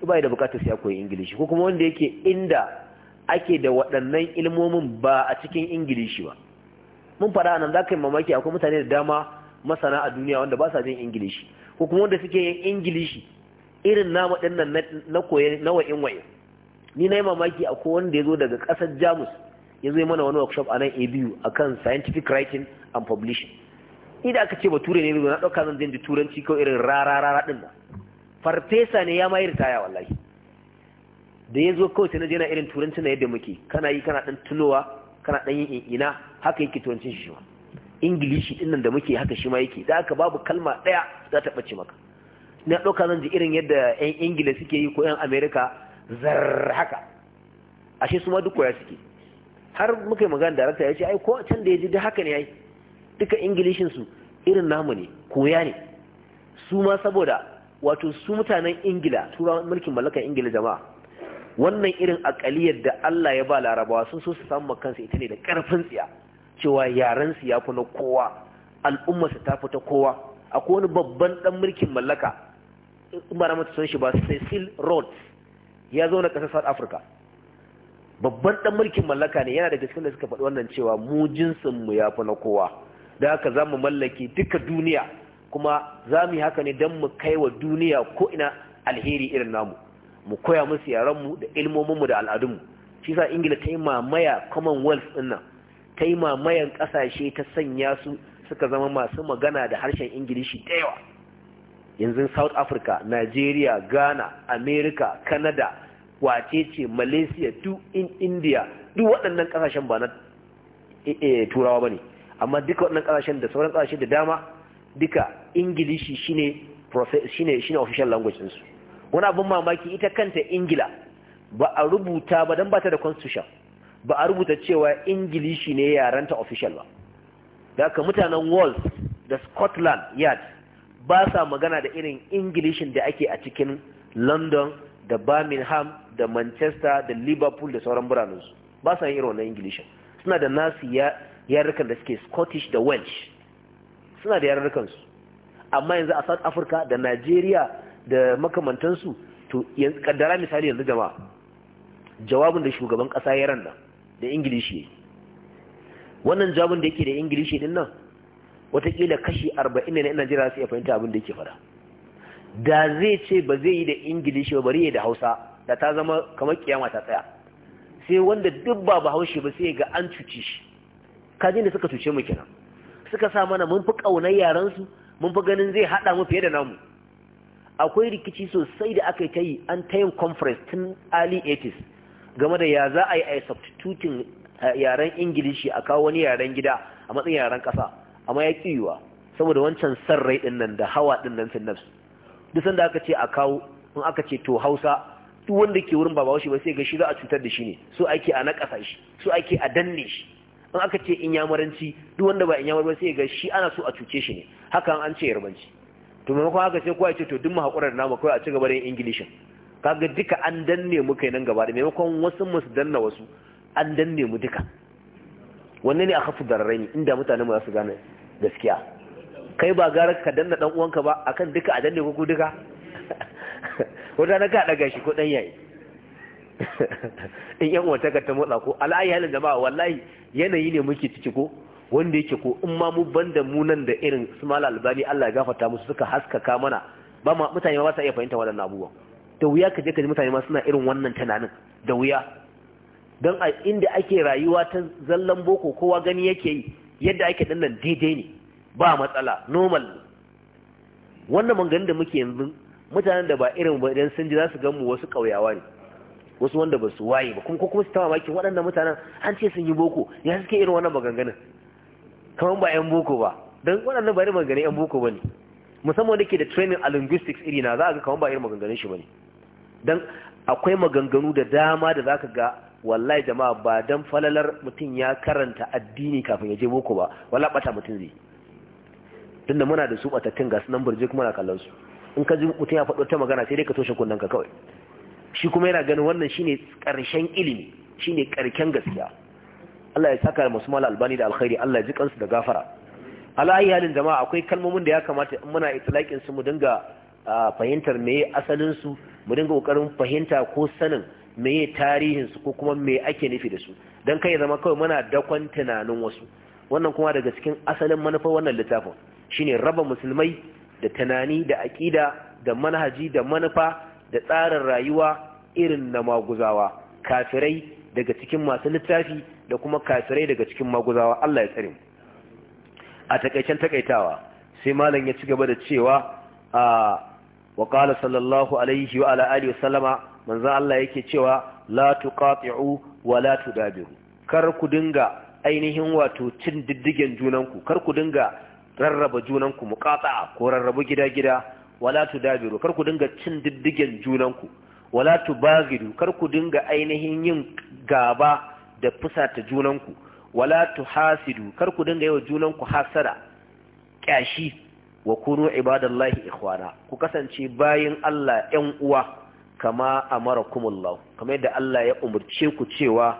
duk bai da bukatar su ya koyi ingilishi ko kuma wanda yake inda ake da waɗannan ilmomin ba a cikin ingilishi ba mun fara nan za ka yi mamaki akwai mutane da dama masana a duniya wanda ba sa jin ingilishi ko kuma wanda suke yin ingilishi irin nama ɗin na koyar na wa'in wa'in ni na yi mamaki a ko wanda ya zo daga ƙasar jamus ya zo mana wani workshop a nan abu a kan scientific writing and publishing idan aka ce ba ture ne ne na ɗauka zan ji turanci ko irin rara-rara ɗin nan farfesa ne ya ma yi ritaya wallahi da ya zo kawai na je irin turanci na yadda muke kana yi kana ɗan tunowa kana ɗan yin ina haka yake turancin shi ma ingilishi ɗin nan da muke haka shi ma yake da aka babu kalma ɗaya za ta ɓace maka na ɗauka zan ji irin yadda 'yan ingila suke yi ko 'yan amerika zarra haka ashe su ma duk koya suke har muka yi magana darakta ya ce ai ko can da ya ji da haka ne ai duka ingilishin irin namu ne koya ne su ma saboda wato su mutanen ingila tura mulkin mallakan ingila jama'a wannan irin akaliyar da Allah ya ba larabawa sun so su samu kansu ita ne da karfin tsiya cewa yaran su ya fi na kowa al'ummarsa ta fi ta kowa akwai wani babban dan mulkin mallaka in ba na mutu san shi ba Cecil Rhodes ya zauna ƙasar South Africa babban dan mulkin mallaka ne yana daga cikin da suka faɗi wannan cewa mu jinsin mu yafi na kowa da haka za mu mallake duka duniya kuma za mu yi haka ne don mu kai wa duniya ko ina alheri irin namu mu koya musu yaranmu da ilmominmu da al'adunmu shi sa ingila ta yi mamaya commonwealth ɗin nan ta yi mamayan ƙasashe ta sanya su suka zama masu magana da harshen ingilishi da yawa yanzu south africa nigeria ghana america canada wacece malaysia duk in india duk waɗannan ƙasashen ba na eh, eh, turawa ba ne amma duka waɗannan ƙasashen da sauran ƙasashe da dama duka ingilishi shine shine official language ɗinsu wani abin mamaki ita kanta ingila ba a rubuta ba don ba ta da constitution ba a rubuta cewa ingilishi ne yaranta official ba da mutanen Wales da Scotland Yard ba sa magana da irin Ingilishin da ake a cikin London da Birmingham da Manchester da Liverpool da sauran biranensu ba sa yin irin wannan Ingilishin suna da nasu yarurrukan da suke Scottish da Welsh suna da yarurrukansu amma yanzu a South Africa da Nigeria da makamantansu to kaddara misali yanzu jama'a jawabin da shugaban kasa ya ranna da ingilishi wannan jamun da yake da ingilishi din nan watakila kashi arba'in ne na najeriya su iya fahimta abin da yake fara da zai ce ba zai yi da ingilishi ba bari ya da hausa da ta zama kamar kiyama ta tsaya sai wanda duk ba haushi ba sai ga an cuci shi kajin da suka cuce mu kenan suka sa mana mun fi yaran su mun fi ganin zai haɗa mu fiye da namu akwai rikici sosai da aka yi ta yi an ta yin conference tun early 80s game da ya za a yi a substituting yaren ingilishi a kawo wani yaren gida a matsayin yaren ƙasa amma ya ƙi yiwa saboda wancan san rai ɗin nan da hawa ɗin nan finnafs duk sanda aka ce a kawo in aka ce to hausa duk wanda ke wurin babawa shi ba sai ga shi za a cutar da shi ne so ake a naƙasa shi so ake a danne shi in aka ce in inyamuranci duk wanda ba in inyamar ba sai ga shi ana so a cuce shi ne hakan an ce yarbanci to maimakon haka sai kowa ya ce to duk mu haƙurar na mu kawai a ci gaba da yin ingilishin kaga duka an danne mu kai nan gaba da maimakon wasu mu su danna wasu an danne mu duka wanne ne a hafu dararrai inda mutane mu za su gane gaskiya kai ba gara ka danna dan uwanka ba akan duka a danne ku duka wata na ka daga shi ko dan yayi in yan wata ka ta motsa ko alai halin jama'a wallahi yanayi ne muke ciki ko wanda yake ko in ma mu banda mu nan da irin su albani Allah ya gafarta musu suka haskaka mana ba ma mutane ba sa iya fahimta wannan abubuwan da wuya ka je ka ji mutane ma suna irin wannan tunanin da wuya don a inda ake rayuwa ta zallan boko kowa gani yake yi yadda ake dinnan daidai ne ba matsala normal wannan mangan da muke yanzu mutanen da ba irin ba idan sun ji za su gan mu wasu ƙauyawa ne wasu wanda ba su waye ba kuma kuma su tawa mamaki waɗannan mutanen an ce sun yi boko ya suke irin wannan maganganun kamar ba 'yan boko ba don waɗannan ba irin maganganun 'yan boko ba ne musamman da ke da training a linguistics iri na za a ga kamar ba irin maganganun shi ba ne don akwai maganganu da dama da za ka ga wallahi jama'a ba dan falalar mutum ya karanta addini kafin ya je boko ba wallahi bata mutum zai tunda muna da su batattun gasu nan burje kuma na kallon su in ka ji mutum ya faɗo ta magana sai dai ka toshe kunnen ka kawai shi kuma yana ganin wannan shine karshen ilimi shine karken gaskiya Allah ya saka musu mala albani da alkhairi Allah ya ji kansu da gafara ala ayi halin jama'a akwai kalmomin da ya kamata in muna itlaqin su mu dinga ah, fahimtar me asalin su mu dinga kokarin fahimta ko sanin meye tarihinsu ko kuma me ake nufi da su don kai zama kawai muna dakon tunanin wasu wannan kuma daga cikin asalin manufar wannan littafin shine raba musulmai da tunani da aƙida da manhaji da manufa da tsarin rayuwa irin na maguzawa kafirai daga cikin masu littafi da kuma kafirai daga cikin maguzawa Allah ya tsare mu a takaicen takaitawa sai malam ya ci gaba da cewa a ah, wa sallallahu alaihi wa ala manzo Allah yake cewa la tuqati'u wa la tudabiru kar ku dinga ainihin wato cin diddigen junanku kar ku dinga rarraba junanku muqata'a ko rarrabu gida-gida wala tudabiru kar ku dinga cin diddigen junanku wala tubagidu kar ku dinga ainihin yin gaba da fusata junanku wala tuhasidu kar ku dinga yawa junanku hasara kyashi wa kunu ibadallahi ikhwana ku kasance bayin Allah ƴan uwa kama kumullau kama yadda Allah ya umarce ku cewa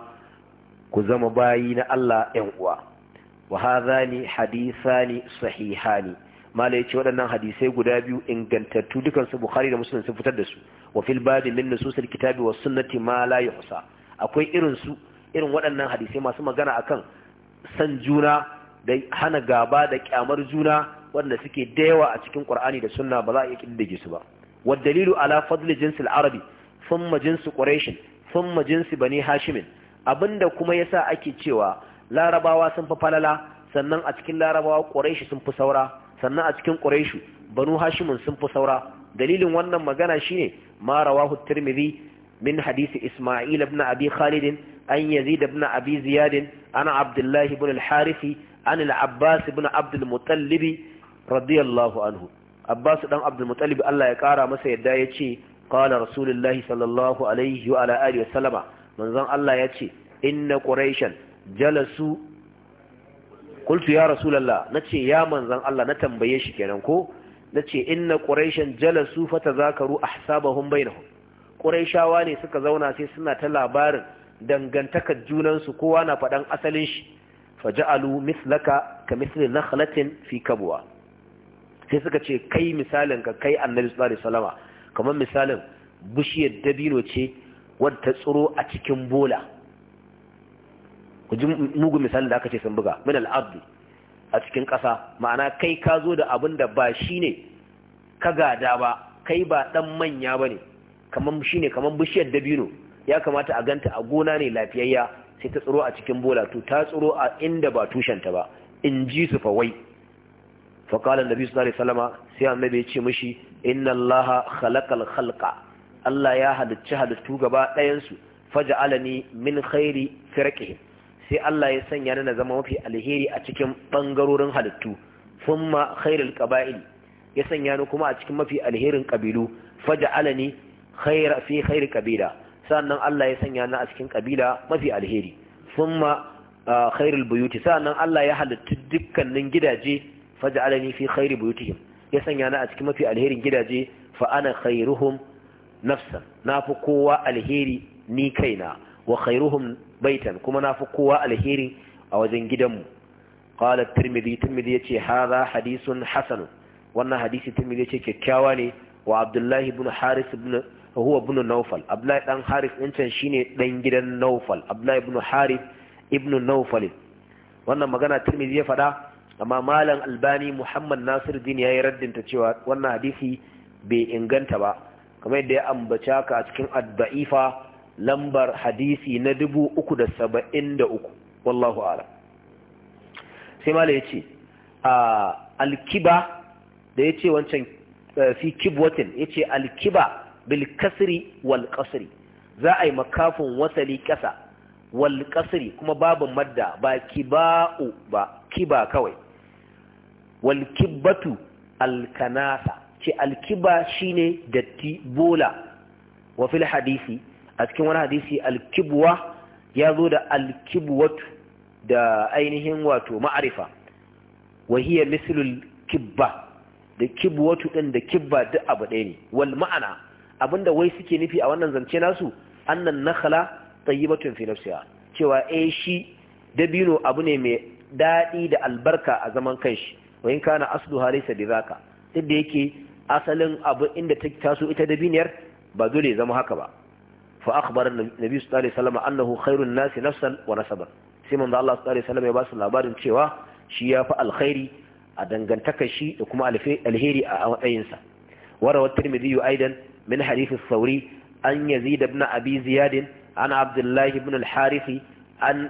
ku zama bayi na Allah ‘yan uwa wa hadhani hadithani sahihani malai ce waɗannan hadisai guda biyu ingantattu dukansu bukhari da musulun sun fitar da su wa fil babi min nususil kitabi was sunnati ma la yuhsa akwai irin su irin waɗannan hadisai masu magana akan san juna da hana gaba da kyamar juna wanda suke da yawa a cikin qur'ani da sunna ba za a iya kiddige su ba والدليل على فضل جنس العربي ثم جنس قريش ثم جنس بني هاشم abinda kuma yasa ake cewa larabawa sun fi falala sannan a cikin larabawa quraishi sun fi saura sannan a cikin quraishu banu hashimin sun fi saura dalilin wannan magana shine ma rawahu tirmidhi min hadisi isma'il ibn abi khalid an yazid bin abi ziyad ana abdullah ibn al-harith an al-abbas ibn abd al-muttalib radiyallahu anhu abbas dan abdul muttalib Allah ya kara masa yadda ya ce qala rasulullahi sallallahu alaihi wa wasallama Allah ya ce inna quraishan jalasu qultu ya na ce ya manzan Allah na tambaye shi kenan ko nace inna quraishan jalasu fatazakaru ahsabahum bainahum quraishawa ne suka zauna sai suna ta labarin dangantakar junansu kowa na faɗan asalin shi faja'alu mislaka ka misli nakhlatin fi kabwa sai suka ce kai misalin ka kai annabi sallallahu alaihi wasallama kamar misalin bushiyar dabino ce wadda tsiro a cikin bola ku ji mugun misalin da aka ce sun buga min al'abdi a cikin ƙasa ma'ana kai ka zo da abin da ba shi ne ka gada ba kai ba ɗan manya ba ne kamar shi ne kamar bushiyar dabino ya kamata a ganta a gona ne lafiyayya sai ta tsiro a cikin bola to ta tsiro a inda ba tushenta ba in ji su fa wai فقال النبي صلى الله عليه وسلم سي النبي يجي مشي إن الله خلق الخلق الله يا هذا الشهد توقبا لا ينسو فجعلني من خير فرقهم sai Allah ya sanya ni na zama mafi alheri a cikin bangarorin halittu thumma khairul qaba'il ya sanya ni kuma a cikin mafi alherin kabilu faj'alani khaira fi khairi kabila sannan Allah ya sanya ni a cikin kabila mafi alheri thumma khairul buyuti sannan Allah ya halitta dukkanin gidaje faj'alani fi khairi buyutihim ya sanya na a cikin mafi alherin gidaje fa ana khairuhum nafsan fi kowa alheri ni kaina wa khairuhum baitan kuma na fi kowa alheri a wajen gidanmu qala tirmidhi tirmidhi yace hadha hadithun hasan wannan hadisi tirmidhi yace kyakkyawa ne wa abdullahi ibn haris ibn huwa ibn nawfal abdullahi dan haris din can shine dan gidan nawfal abdullahi ibn haris ibn nawfal wannan magana tirmidhi ya faɗa. amma malam albani muhammad nasir din ya yi raddinta cewa wannan hadisi bai inganta ba kamar yadda ya ambaci haka a cikin adba'ifa lambar hadisi na dubu uku da saba'in da uku wallahu ala sai mala ya ce a alkiba da ya ce wancan fi kibwatin ya ce alkiba bil kasri za a yi makafin wasali kasa wal kuma babu madda ba kiba'u ba kiba kawai wal kibbatu al ce al shine datti bola wa fil hadisi a cikin wani hadisi al ya zo da al da ainihin wato ma'arifa wa hiya mislul kibba da kibwatu din da kibba duk abu ɗaya ne wal ma'ana abinda wai suke nufi a wannan zance nasu annan nakhala tayyibatun fi nafsiha cewa eh shi dabino abu ne mai daɗi da albarka a zaman kanshi wa in kana asluha laysa bidhaka duk yake asalin abu inda ta taso ita da biniyar ba dole zama haka ba fa akhbara nabi sallallahu alaihi wasallam annahu khairun nasi nafsan wa nasaban sai manzo Allah sallallahu alaihi wasallam ya ba su labarin cewa shi ya fi alkhairi a dangantakar shi da kuma alheri a matsayinsa warawar tirmidhi aidan min hadith sauri an yazid ibn abi ziyad an abdullah ibn al-harith an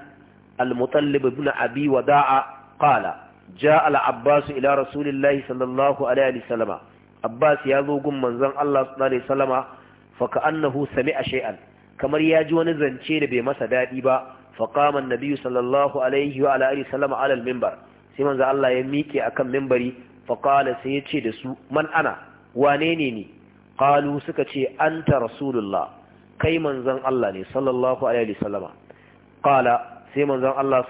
al-mutallib ibn abi wada'a qala ja al'abbasu ila rasulillahi sallallahu alaihi salama abbas ya zo gun manzon Allah sallallahu alaihi salama faka annahu sami a kamar ya ji wani zance da bai masa daɗi ba faƙaman nabiyu sallallahu alaihi wa alaihi salama alal mimbar sai manzo Allah ya miƙe akan mimbari faƙala sai yace da su man ana wane ne ni qalu suka ce anta rasulullah kai manzon Allah ne sallallahu alaihi salama qala sai manzon Allah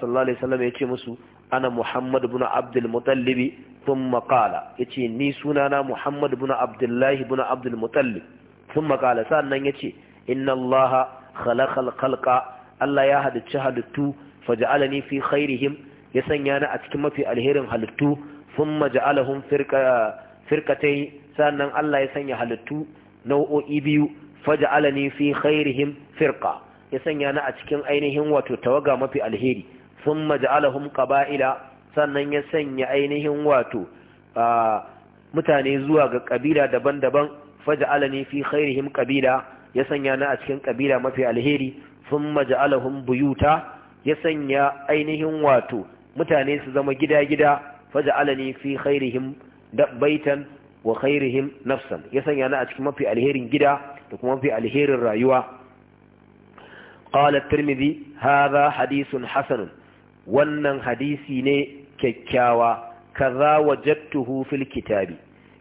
ya ce musu ana muhammad ibn abdul mutallib thumma qala ce ni sunana muhammad ibn abdullahi ibn abdul mutallib thumma qala sannan yace inna allaha khalaqa al-khalqa Allah ya halicci halittu faja'alani fi khairihim ya sanya ni a cikin mafi alherin halittu thumma ja'alahum firkatai firqatayn sannan Allah ya sanya halittu nau'o'i biyu fa faja'alani fi khairihim firqa ya sanya ni a cikin ainihin wato tawaga mafi alheri sun maj'alahum qaba'ila sannan ya sanya ainihin wato mutane zuwa ga ƙabila daban-daban faj'alani fi khairihim ƙabila ya sanya na a cikin ƙabila mafi alheri sun maj'alahum buyuta ya sanya ainihin wato mutane su zama gida-gida faj'alani fi khairihim baitan wa khairihim nafsan ya sanya na a cikin mafi alherin gida da kuma mafi alherin rayuwa qala at-tirmidhi hadha hadithun hasanun wannan hadisi ne kyakkyawa kaza wajadtuhu fil kitabi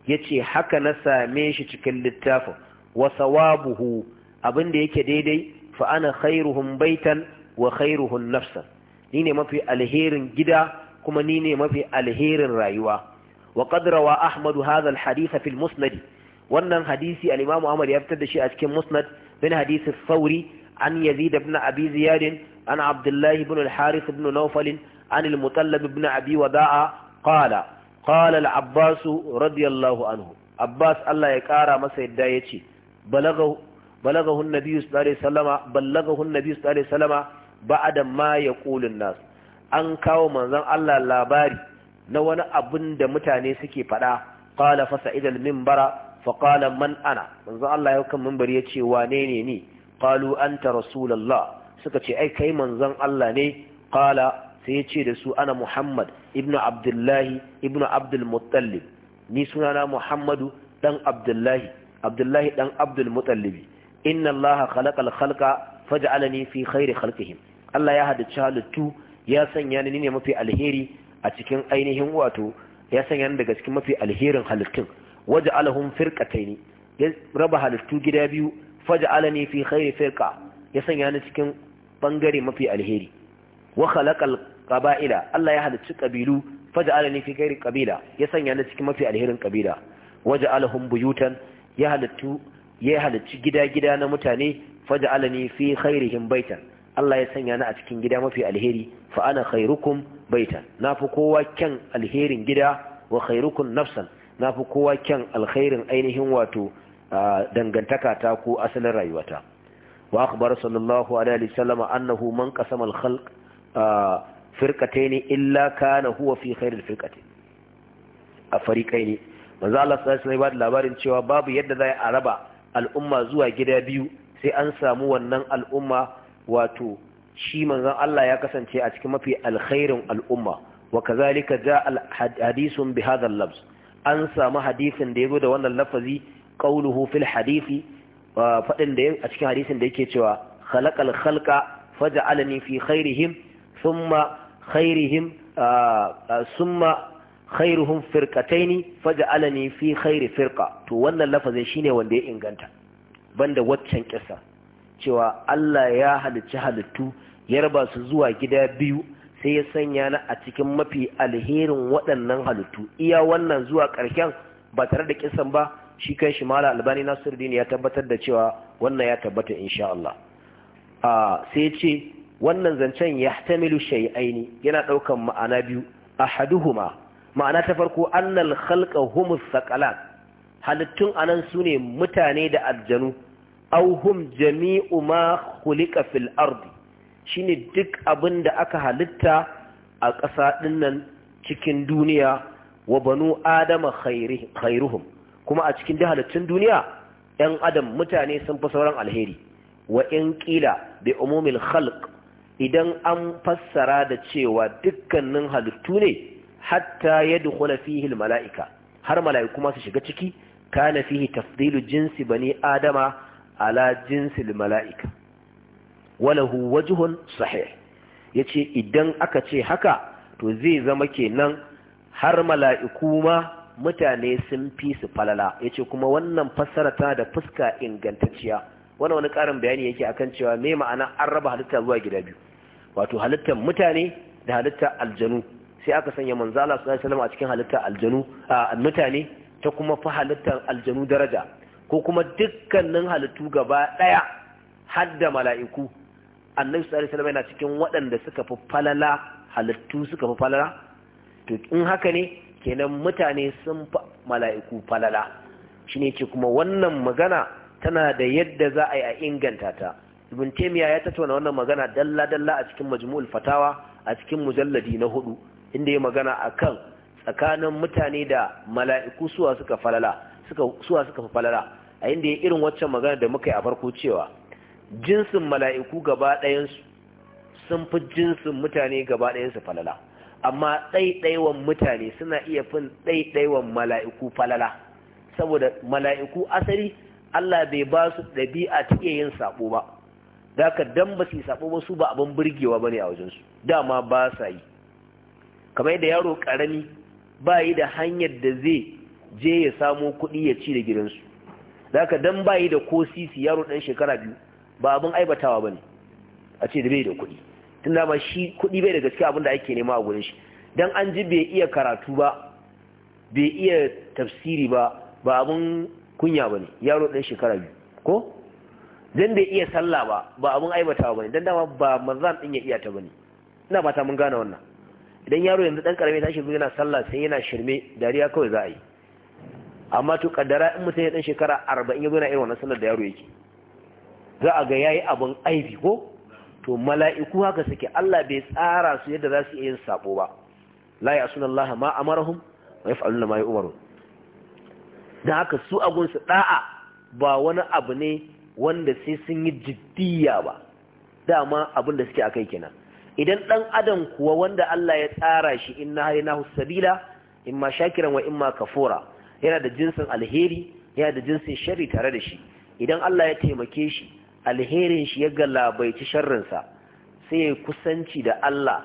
yace haka na same shi cikin littafin wa sawabuhu abinda yake daidai fa ana khairuhun baitan wa khairuhun nafsan ni ne mafi alherin gida kuma ni ne mafi alherin rayuwa wa rawa ahmadu hadha al hadith fi musnad wannan hadisi al imam ahmad ya fitar da shi a cikin musnad bin hadith sauri thawri an yazid ibn abi ziyad أنا عبد الله بن الحارث بن نوفل عن المطلب بن أبي وداع قال قال العباس رضي الله عنه عباس الله يكارى مسيد دايتي بلغه بلغه النبي صلى الله عليه وسلم بلغه النبي صلى الله عليه وسلم بعد ما يقول الناس an kawo manzon Allah labari na wani abin da mutane suke faɗa qala fa sa'idal minbara fa qala man ana manzon Allah ya kan minbari yace wane ne ni qalu anta rasulullah suka ce ai kai manzon Allah ne qala sai ya ce da su ana Muhammad ibn Abdullahi ibn Abdul Muttalib ni sunana Muhammadu dan Abdullahi Abdullahi dan Abdul Muttalib inna Allah khalaqal khalqa faj'alani fi khairi khalqihim Allah ya halicci halittu ya sanya ni ne mafi alheri a cikin ainihin wato ya sanya ni daga cikin mafi alherin halittun waja'alahum firqataini ya raba halittu gida biyu faj'alani fi khairi firqa ya sanya ni cikin bangare mafi alheri wa khalaqal qaba'ila Allah ya halicci kabilu faj'alani fi ghairi qabila ya sanya ni cikin mafi alherin kabila waj'alhum buyutan ya halittu ya halicci gida-gida na mutane faj'alani fi ghairihim baitan Allah ya sanya ni a cikin gida mafi alheri fa ana khairukum baitan nafi kowa kyan alherin gida wa khairukum nafsan nafi kowa kyan alkhairin ainihin wato dangantaka ta ko asalin rayuwata وأخبر صلى الله عليه وسلم أنه من قسم الخلق فرقتين إلا كان هو في خير الفرقتين الفريقين manzo Allah sallallahu alaihi wasallam labarin cewa babu yadda zai a raba al'umma zuwa gida biyu sai an samu wannan al'umma wato shi manzon Allah ya kasance a cikin mafi alkhairin al'umma wa kazalika jaa hadisun bi hadha an samu hadisin da yazo da wannan lafazi qawluhu fil hadisi faɗin da a cikin hadisin da yake cewa khalaqal khalqa faj'alani fi khairihim thumma khairihim thumma khairuhum firqataini faj'alani fi khairi firqa to wannan lafazin shine wanda ya inganta banda waccan kissa cewa Allah ya halicci halittu ya raba su zuwa gida biyu sai ya sanya na a cikin mafi alherin waɗannan halittu iya wannan zuwa ƙarshen ba tare da kisan ba shi kan shi mala albani nasiruddin ya tabbatar da cewa wannan ya tabbata insha Allah a sai ce wannan zancen ya tamilu yana ɗaukan ma'ana biyu ahaduhuma ma'ana ta farko annal khalqa humus saqalat halittun anan sune mutane da aljanu auhum jami'u ma khuliqa fil ardi shine duk abin da aka halitta a ƙasa nan cikin duniya wa banu adama khairuhum kuma a cikin duk halittun duniya ‘yan adam mutane sun fi sauran alheri wa in ƙila bi umumil khalq idan an fassara da cewa dukkanin halittu ne hatta ya dukula fihil mala'ika har mala'iku masu shiga ciki kana fihi tafdilu jinsi bani adama ala jinsil mala'ika walahu wajuhun sahih yace idan aka ce haka to zai zama kenan har mala'iku ma mutane sun fi su falala ya ce kuma wannan fassara tana da fuska ingantacciya wani wani karin bayani yake akan cewa me ma'ana an raba halitta zuwa gida biyu wato halittar mutane da halittar aljanu sai aka sanya manzo Allah sallallahu alaihi a cikin halittar aljanu a mutane ta kuma fa halittar aljanu daraja ko kuma dukkanin halittu gaba daya har mala'iku annabi sallallahu alaihi wasallam yana cikin waɗanda suka fi falala halittu suka fi falala to in haka ne kenan mutane sun mala'iku falala shi ne ce kuma wannan magana tana da yadda za a yi a inganta ta ibn taymiya ya tattauna wannan magana dalla dalla a cikin majmu'ul fatawa a cikin mujalladi na hudu inda ya magana akan tsakanin mutane da mala'iku suwa suka falala suka a inda ya irin waccan magana da muka yi a farko cewa jinsin mala'iku gaba ɗayan sun fi jinsin mutane gaba ɗayan su falala amma ɗaiɗaiwan mutane suna iya fin ɗaiɗaiwan mala'iku falala saboda mala'iku asali Allah bai ba su ɗabi'a ta iya yin saƙo ba da ka dan ba su yi sabo ba su ba abin burgewa ba ne a wajensu dama ba sa yi kamar yadda yaro ƙarami ba yi da hanyar da zai je ya samo kuɗi ya ci da gidansu da ka dan ba yi da ko sisi yaro ɗan shekara biyu ba abin aibatawa ba ne a ce da bai da kuɗi tun dama shi kuɗi bai da gaske abin da ake nema a gurin shi don an ji bai iya karatu ba bai iya tafsiri ba ba abin kunya ba ne yaro ɗan shekara biyu ko dan bai iya sallah ba ba abin aibatawa ba ne dan dama ba mazan ɗin ya iya ta ba ne ina fata mun gane wannan idan yaro yanzu ɗan ƙarami ta shirme yana sallah sai yana shirme dariya kawai za a yi amma to kaddara in mutum ya ɗan shekara arba'in ya zo yana irin wannan sallar da yaro yake za a ga yayi abin aibi ko to mala'iku haka suke Allah bai tsara su yadda za su iya yin saɓo ba la ya sunan Allah ma wa yaf'aluna ma yu'marun dan haka su a gunsu da'a ba wani abu ne wanda sai sun yi jiddiya ba dama abin da suke akai kenan idan dan adam kuwa wanda Allah ya tsara shi inna nahu sabila imma shakiran wa imma kafura yana da jinsin alheri yana da jinsin shari tare da shi idan Allah ya taimake shi alherin shi ya galabaici sharrinsa sai ya kusanci da Allah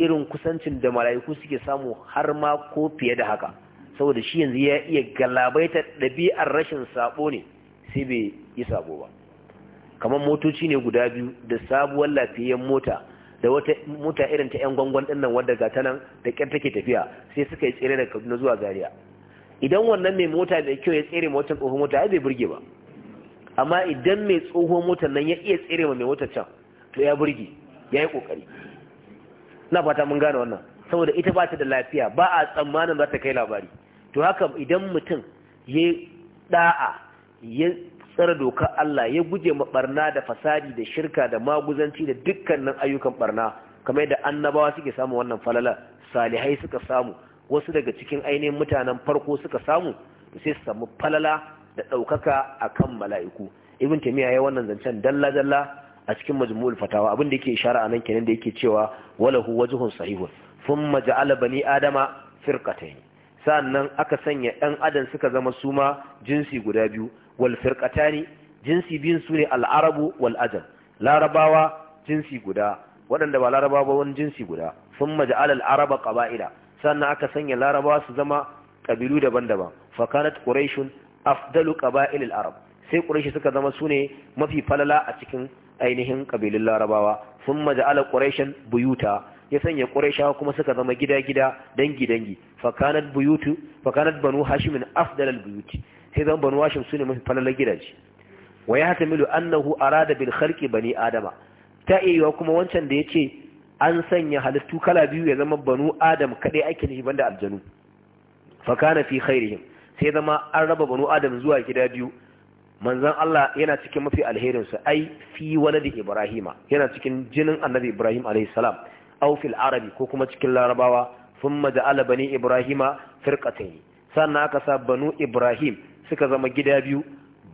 irin kusancin da mala'iku suke samu har ma ko fiye da haka saboda shi yanzu ya iya galabaita ɗabi'ar rashin sabo ne sai bai yi sabo ba kamar motoci ne guda biyu da sabuwar lafiyayyen mota da wata mota irin ta 'yan gwangwan ɗin nan wadda ga tanan da ƙyar take tafiya sai suka yi tsere da kaduna zuwa gariya idan wannan mai mota mai kyau ya tsere motar tsohon mota ya bai burge ba amma idan mai tsohon motar nan ya iya tsere mai motar can to ya burge ya yi kokari na fata mun gane wannan saboda ita ba ta da lafiya ba a tsammanin za ta kai labari to haka idan mutum ya da'a ya tsara dokar Allah ya guje ma barna da fasadi da shirka da maguzanci da dukkanin ayyukan barna kamar yadda annabawa suke samu wannan falala salihai suka samu wasu daga cikin ainihin mutanen farko suka samu sai su samu falala da ɗaukaka akan mala'iku ibn taymiya ya wannan zancen dalla dalla a cikin majmu'ul fatawa abin da yake ishara nan kenan da yake cewa walahu wajhun sahihun thumma ja'ala bani adama firqatayn sannan aka sanya ɗan adam suka zama suma jinsi guda biyu wal firqatani jinsi biyun su ne al'arabu wal ajam larabawa jinsi guda waɗanda ba larabawa ba wani jinsi guda thumma ja'ala al-araba qaba'ila sannan aka sanya larabawa su zama kabilu daban-daban fakanat quraishun afdalu qaba'ilil arab sai quraishi suka zama sune mafi falala a cikin ainihin kabilun larabawa thumma ja'ala quraishan buyuta ya sanya quraishawa kuma suka zama gida-gida dangi-dangi fakanat buyutu fakanat banu hashimin afdalal buyuti sai zama banu hashim sune mafi falalar gidaje wa ya annahu arada bil khalqi bani adama ta iya kuma wancan da yace an sanya halittu kala biyu ya zama banu adam kadai ake nufi banda aljanu fakana fi khairihim sai zama an raba banu adam zuwa gida biyu manzon Allah yana cikin mafi alherin su ai fi da ibrahima yana cikin jinin annabi ibrahim alayhi au aw fil arabi ko kuma cikin larabawa thumma alabani bani ibrahima firqatayn sannan aka sa banu ibrahim suka zama gida biyu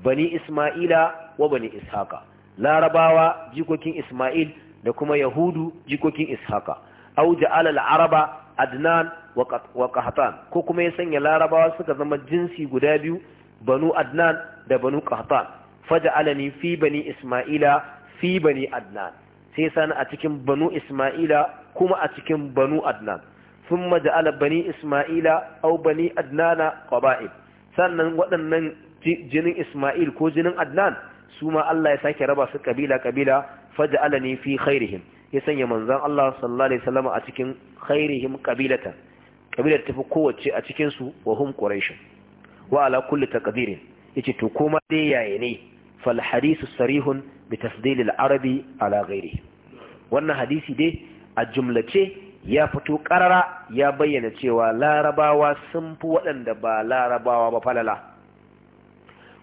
bani isma'ila wa bani ishaqa larabawa jikokin isma'il da kuma yahudu jikokin ishaka Au ja'ala al araba adnan wa qahtan ko kuma ya sanya larabawa suka zama jinsi guda biyu banu adnan da banu qahtan faj'alani fi bani isma'ila fi bani adnan sai sani a cikin banu isma'ila kuma a cikin banu adnan ثم جعل بني إسماعيل أو بني أدنان قبائل sannan waɗannan jinin Ismail ko jinin Adnan su ma Allah ya sake raba su kabila kabila faj'alani fi khairihim ya sanya manzan Allah sallallahu alaihi wasallam a cikin khairihim qabilatan kabilar tafi kowace a cikin su wa hum quraish wa ala kulli taqdirin yace to kuma dai yaye ne fal hadithu sarihun bi tafdil al arabi ala ghairihi wannan hadisi dai a jumlace ya fito karara ya bayyana cewa larabawa sun fi waɗanda ba larabawa ba falala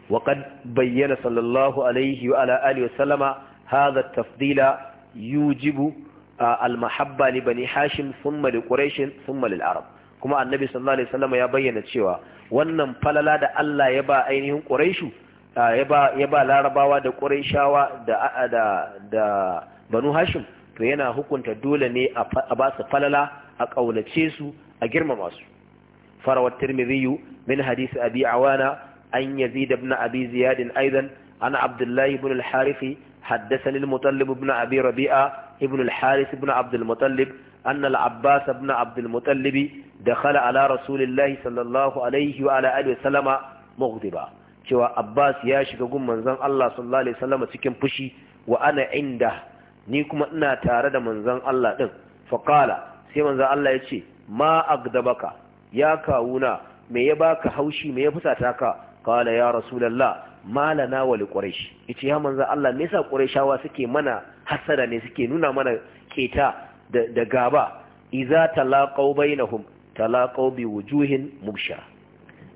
وقد بين صلى الله عليه وعلى آله وسلم هذا التفضيل yujibu al-mahabba li bani hashim thumma li quraish thumma lil arab kuma annabi sallallahu alaihi wasallam ya bayyana cewa wannan falala da Allah ya ba ainihin quraishu ya ba ya ba larabawa da quraishawa da da da banu hashim to yana hukunta dole ne a ba su falala a ƙaunace su a girmama su farawat tirmidhi min hadith abi awana an yazid ibn abi ziyad aidan ana abdullahi ibn al-harith حدثني المطلب بن أبي ربيعة ابن الحارث بن عبد المطلب أن العباس بن عبد المطلب دخل على رسول الله صلى الله عليه وعلى آله وسلم مغضبا cewa Abbas ya shiga gun manzon Allah sallallahu alaihi wasallam cikin fushi wa ana inda ni kuma ina tare da manzon Allah ɗin, faqala sai manzan Allah ya ce ma agdabaka ya kawuna me ya baka haushi me ya fusata ka qala ya rasulullah malana wa liquraish yace ya manzo Allah me yasa quraishawa suke mana hasada ne suke nuna mana keta da, gaba idza talaqaw bainahum talaqaw bi wujuhin mubsha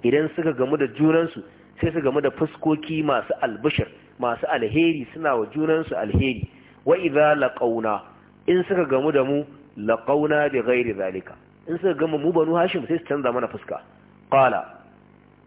idan suka gamu da junansu sai su gamu da fuskoki masu albishir masu alheri suna wa junansu alheri wa idza laqawna in suka gamu da mu laqawna bi ghairi zalika in suka gamu mu banu hashim sai su canza mana fuska qala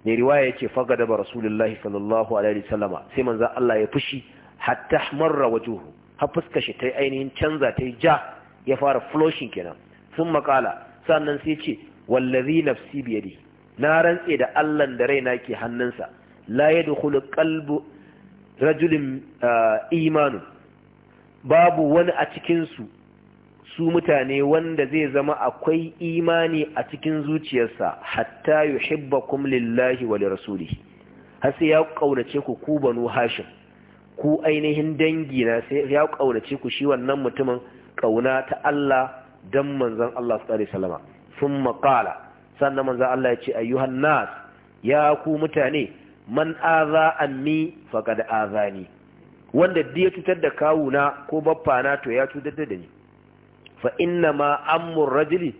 ne riwaya yace fagada ba rasulullahi sallallahu alaihi wasallama sai manzon Allah ya fushi hatta marra wajuhu har fuskar shi ta ainihin canza ta ja ya fara flushing kenan sun makala sannan sai ce wallazi nafsi biyadi na rantse da Allah da raina ke hannunsa la yadkhulu qalbu rajulin ah, imanu babu wani a cikin su su mutane wanda zai zama akwai imani a cikin zuciyarsa hatta yuhibbakum lillahi wa rasuli har sai ya kaunace ku ku banu hashim ku ainihin dangi na sai ya kaunace ku shi wannan mutumin kauna ta Allah dan manzon Allah sallallahu alaihi wasallam thumma sannan manzan Allah ya ce ayyuhan nas ya ku mutane man aza anni faqad azani wanda duk ya cutar da kawuna ko na to ya cutar da ni fa inna ma amur rajuli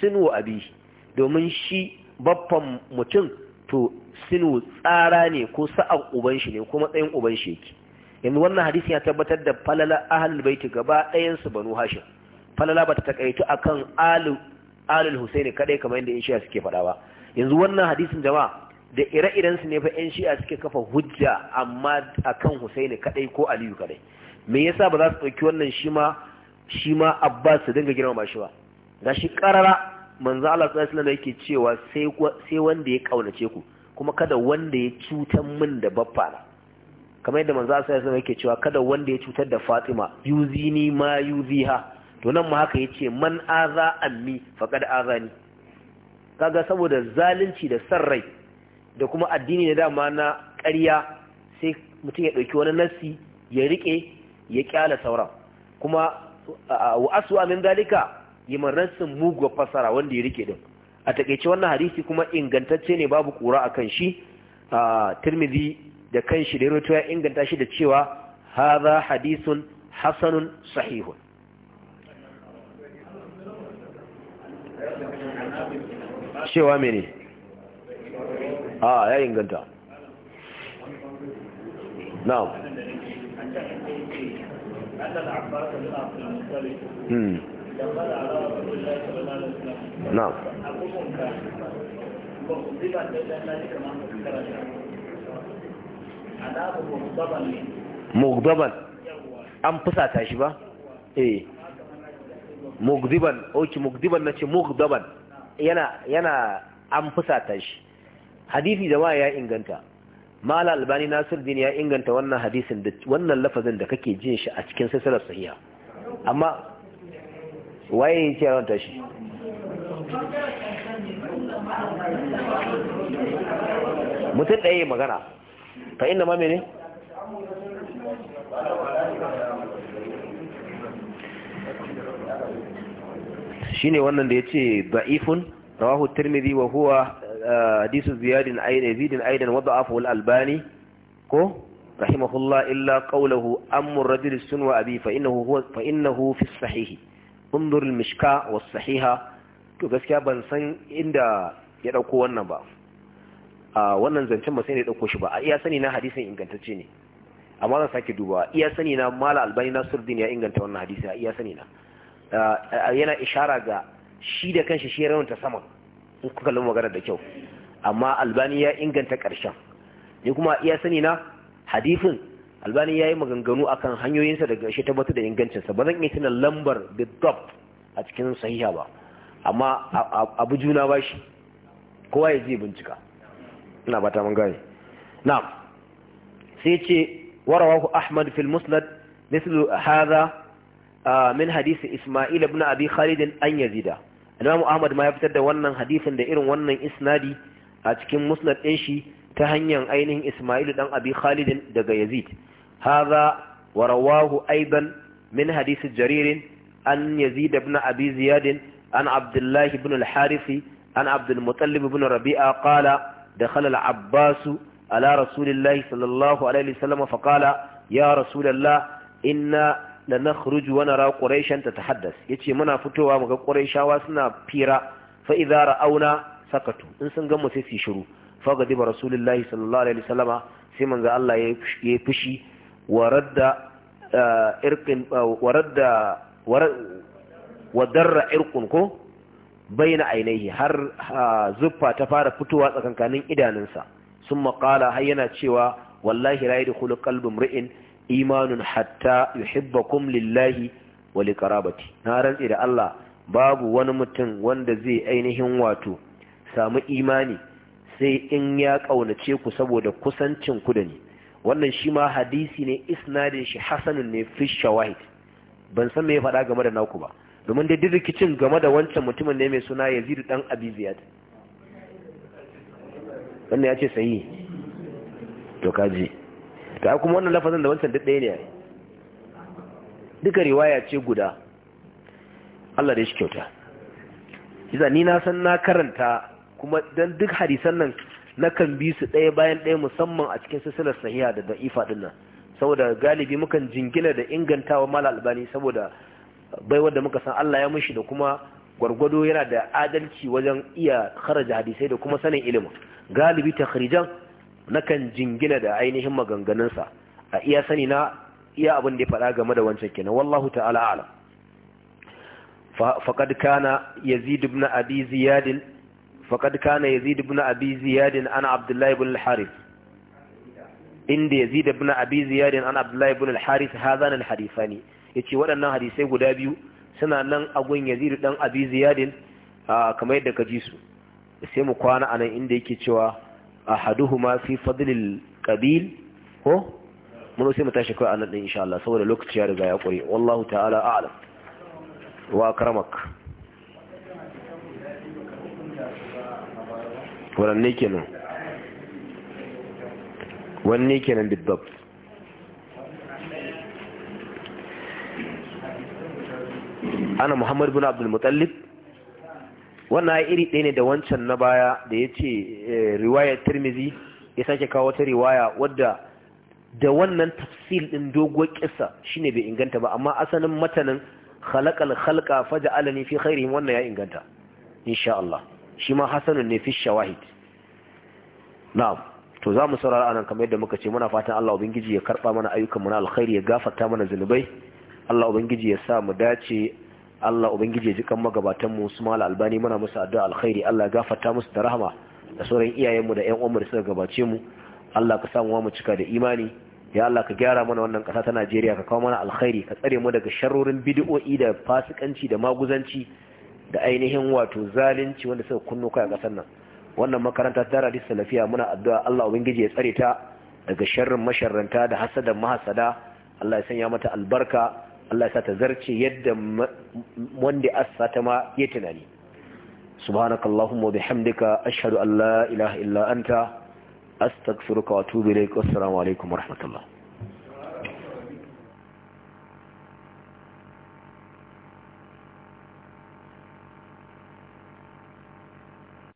sinu abi domin shi baffan mutum to sinu tsara ne ko sa'an uban shi ne ko matsayin uban shi yake yanzu wannan hadisi ya tabbatar da falala ahlul baiti gaba ɗayan su banu hashim falala bata takaitu akan alu alul husaini kadai kamar yadda yan shi'a suke faɗa ba yanzu wannan hadisin jama'a da ire-iren su ne fa yan shi'a suke kafa hujja amma akan husaini kadai ko aliyu kadai me yasa ba za su ɗauki wannan shi ma shi ma abbas su dinga girmama shi ba ga shi karara manzo Allah sallallahu alaihi yake cewa sai wanda ya kaunace ku kuma kada wanda ya cutar min da baffana kamar yadda manzo Allah sallallahu alaihi yake cewa kada wanda ya cutar da Fatima yuzini ma yuziha to nan ma haka yace man aza ammi faqad azani kaga saboda zalunci da san rai da kuma addini da dama na ƙarya sai mutum ya ɗauki wani nassi ya riƙe ya kyala sauran kuma wa aswa min dalika yiman mugwa fasara wanda ya rike din a takeice wannan hadisi kuma ingantacce ne babu kura akan shi tirmidhi da kanshi da rawaito ya inganta shi da cewa hadha hadithun hasanun sahihun cewa mene a ya inganta na'am نعم mugdaban an fusata shi ba eh mugdiban mugdaban yana yana an fusata shi hadisi da ya inganta mala albani din ya inganta wannan hadisin da wannan lafazin da kake jin shi a cikin sassarar sahiha amma waye ya ce yawon tashi. mutum ɗaya magana ka inda ma mene ne wannan da ya ce ba'ifun rawahu tirmidhi wa huwa حديث زياد عين زيد aidan وضعفه الألباني albani ko rahimahullah illa qawluhu amru rajul sunwa abi fa innahu huwa fa innahu fi sahih undur al-mishka wa sahiha to gaskiya ban san inda ya dauko wannan ba a wannan zancen ba sai ne ya shi ba a iya sani na hadisin ingantacce ne amma zan sake dubawa iya sani na mala albani nasiruddin ya inganta wannan hadisi a iya sani na yana ishara ga shi da kanshi shi ya rawanta saman in kuka kallon magana da kyau amma albani ya inganta ƙarshen ni kuma iya sani na hadifin, albani ya yi maganganu akan hanyoyinsa daga shi tabbatar da ingancinsa ba zan iya tuna lambar bidop a cikin sahiha ba amma abu juna ba shi kowa ya je bincika ina ba ta mun gane sai ce warawahu ahmad fil musnad mislu hadha ah, min hadisi isma'il ibn abi khalid an yazida Imam Ahmad ma ya fitar da wannan hadisin da irin wannan isnadi a cikin musnad ɗin shi ta hanyar ainihin Ismailu dan Abi Khalid daga Yazid haza wa rawahu aidan min hadisi jaririn an Yazid ibn Abi Ziyad an Abdullah ibn al an Abdul bin ibn Rabi'a qala dakhala al-Abbas ala Rasulillahi sallallahu alaihi wasallam fa qala ya Rasulullah inna la nakhruju wa nara quraishan tatahaddas yace muna fitowa muga quraishawa suna fira fa idza ra'auna sakatu in sun ga mu sai su shiru fa diba rasulullahi sallallahu alaihi wasallama sai manzo Allah ya yi fushi wa radda irqin wa radda wa darra irqun ko baina ainihi har zuffa ta fara fitowa tsakankanin idanunsa sun maƙala har yana cewa wallahi la yadkhulu qalbu mri'in imanun hatta yuhibbakum lillahi wa liqarabati na rantsi da Allah babu wani mutum wanda zai ainihin wato samu imani sai in ya kaunace ku saboda kusancin ku da ni wannan shi ma hadisi ne isnadin shi hasanun ne fi shawahid ban san me ya faɗa game da naku ba domin da rikicin game da wancan mutumin ne mai suna Yazid dan Abi Ziyad wannan ya ce sahihi to kaji a kuma wannan lafazin da wancan duk ɗaya ne duka riwaya ce guda Allah da ya shi kyauta iza ni na san na karanta kuma don duk hadisan nan na kan bi su ɗaya bayan ɗaya musamman a cikin silsilar sahiha da da'ifa ɗin nan saboda galibi mukan jingina da ingantawa mala albani saboda bai wanda muka san Allah ya mushi da kuma gwargwado yana da adalci wajen iya kharaja hadisai da kuma sanin ilimin galibi takhrijan nakan jingina da ainihin maganganunsa a iya sani na iya abin da ya faɗa game da wancan kenan wallahu ta'ala alam faqad kana yazid ibn abi ziyad faqad kana yazid ibn abi ziyad ana abdullah ibn al-harith inda yazid ibn abi ziyad ana abdullah ibn al-harith hadan al-hadithani yace waɗannan hadisai guda biyu suna nan a gun yazid dan abi ziyad kamar yadda ka ji su sai mu kwana anan inda yake cewa ahaduhuma fi fadlil qabil ko mun sai mu tashi kai anan din insha Allah saboda lokaci ya riga ya kure wallahu ta'ala a'lam wa akramak waranne kenan wanne kenan bidbab ana muhammad bin abdul mutallib wannan iri ɗaya ne da wancan na baya da ya ce eh, riwayar tirmizi ya sake kawo wata riwaya wadda da wannan tafsir ɗin doguwar ƙisa ne bai inganta ba amma asalin matanin halka faja alani fi khairihim wannan ya inganta insha Allah shi ma hasanun ne fi shawahid na'am to za mu saurara anan kamar yadda muka ce muna fatan Allah ubangiji ya karba mana ayyukan mu na alkhairi ya gafarta mana zunubai Allah ubangiji ya sa mu dace Allah ubangiji ya ji kan magabatan mu su mala albani muna musu addu'a alkhairi Allah gafarta musu da rahama da sauran iyayen mu da ƴan uwanmu da suka gabace mu Allah ka samu mu cika da imani ya Allah ka gyara mana wannan ƙasa ta Najeriya ka kawo mana alkhairi ka tsare mu daga sharrorin bid'o'i da fasikanci da maguzanci da ainihin wato zalunci wanda suka kunno kai a ƙasar nan wannan makaranta ta Radis Salafiya muna addu'a Allah ubangiji ya tsare ta daga sharrin masharranta da hasadan mahasada Allah ya sanya mata albarka Allah ya sa ta zarce yadda wanda assa ta ma ya tunani subhanakallahumma wa bihamdika ashhadu an la ilaha illa anta astaghfiruka wa atubu ilaik assalamu alaikum wa rahmatullah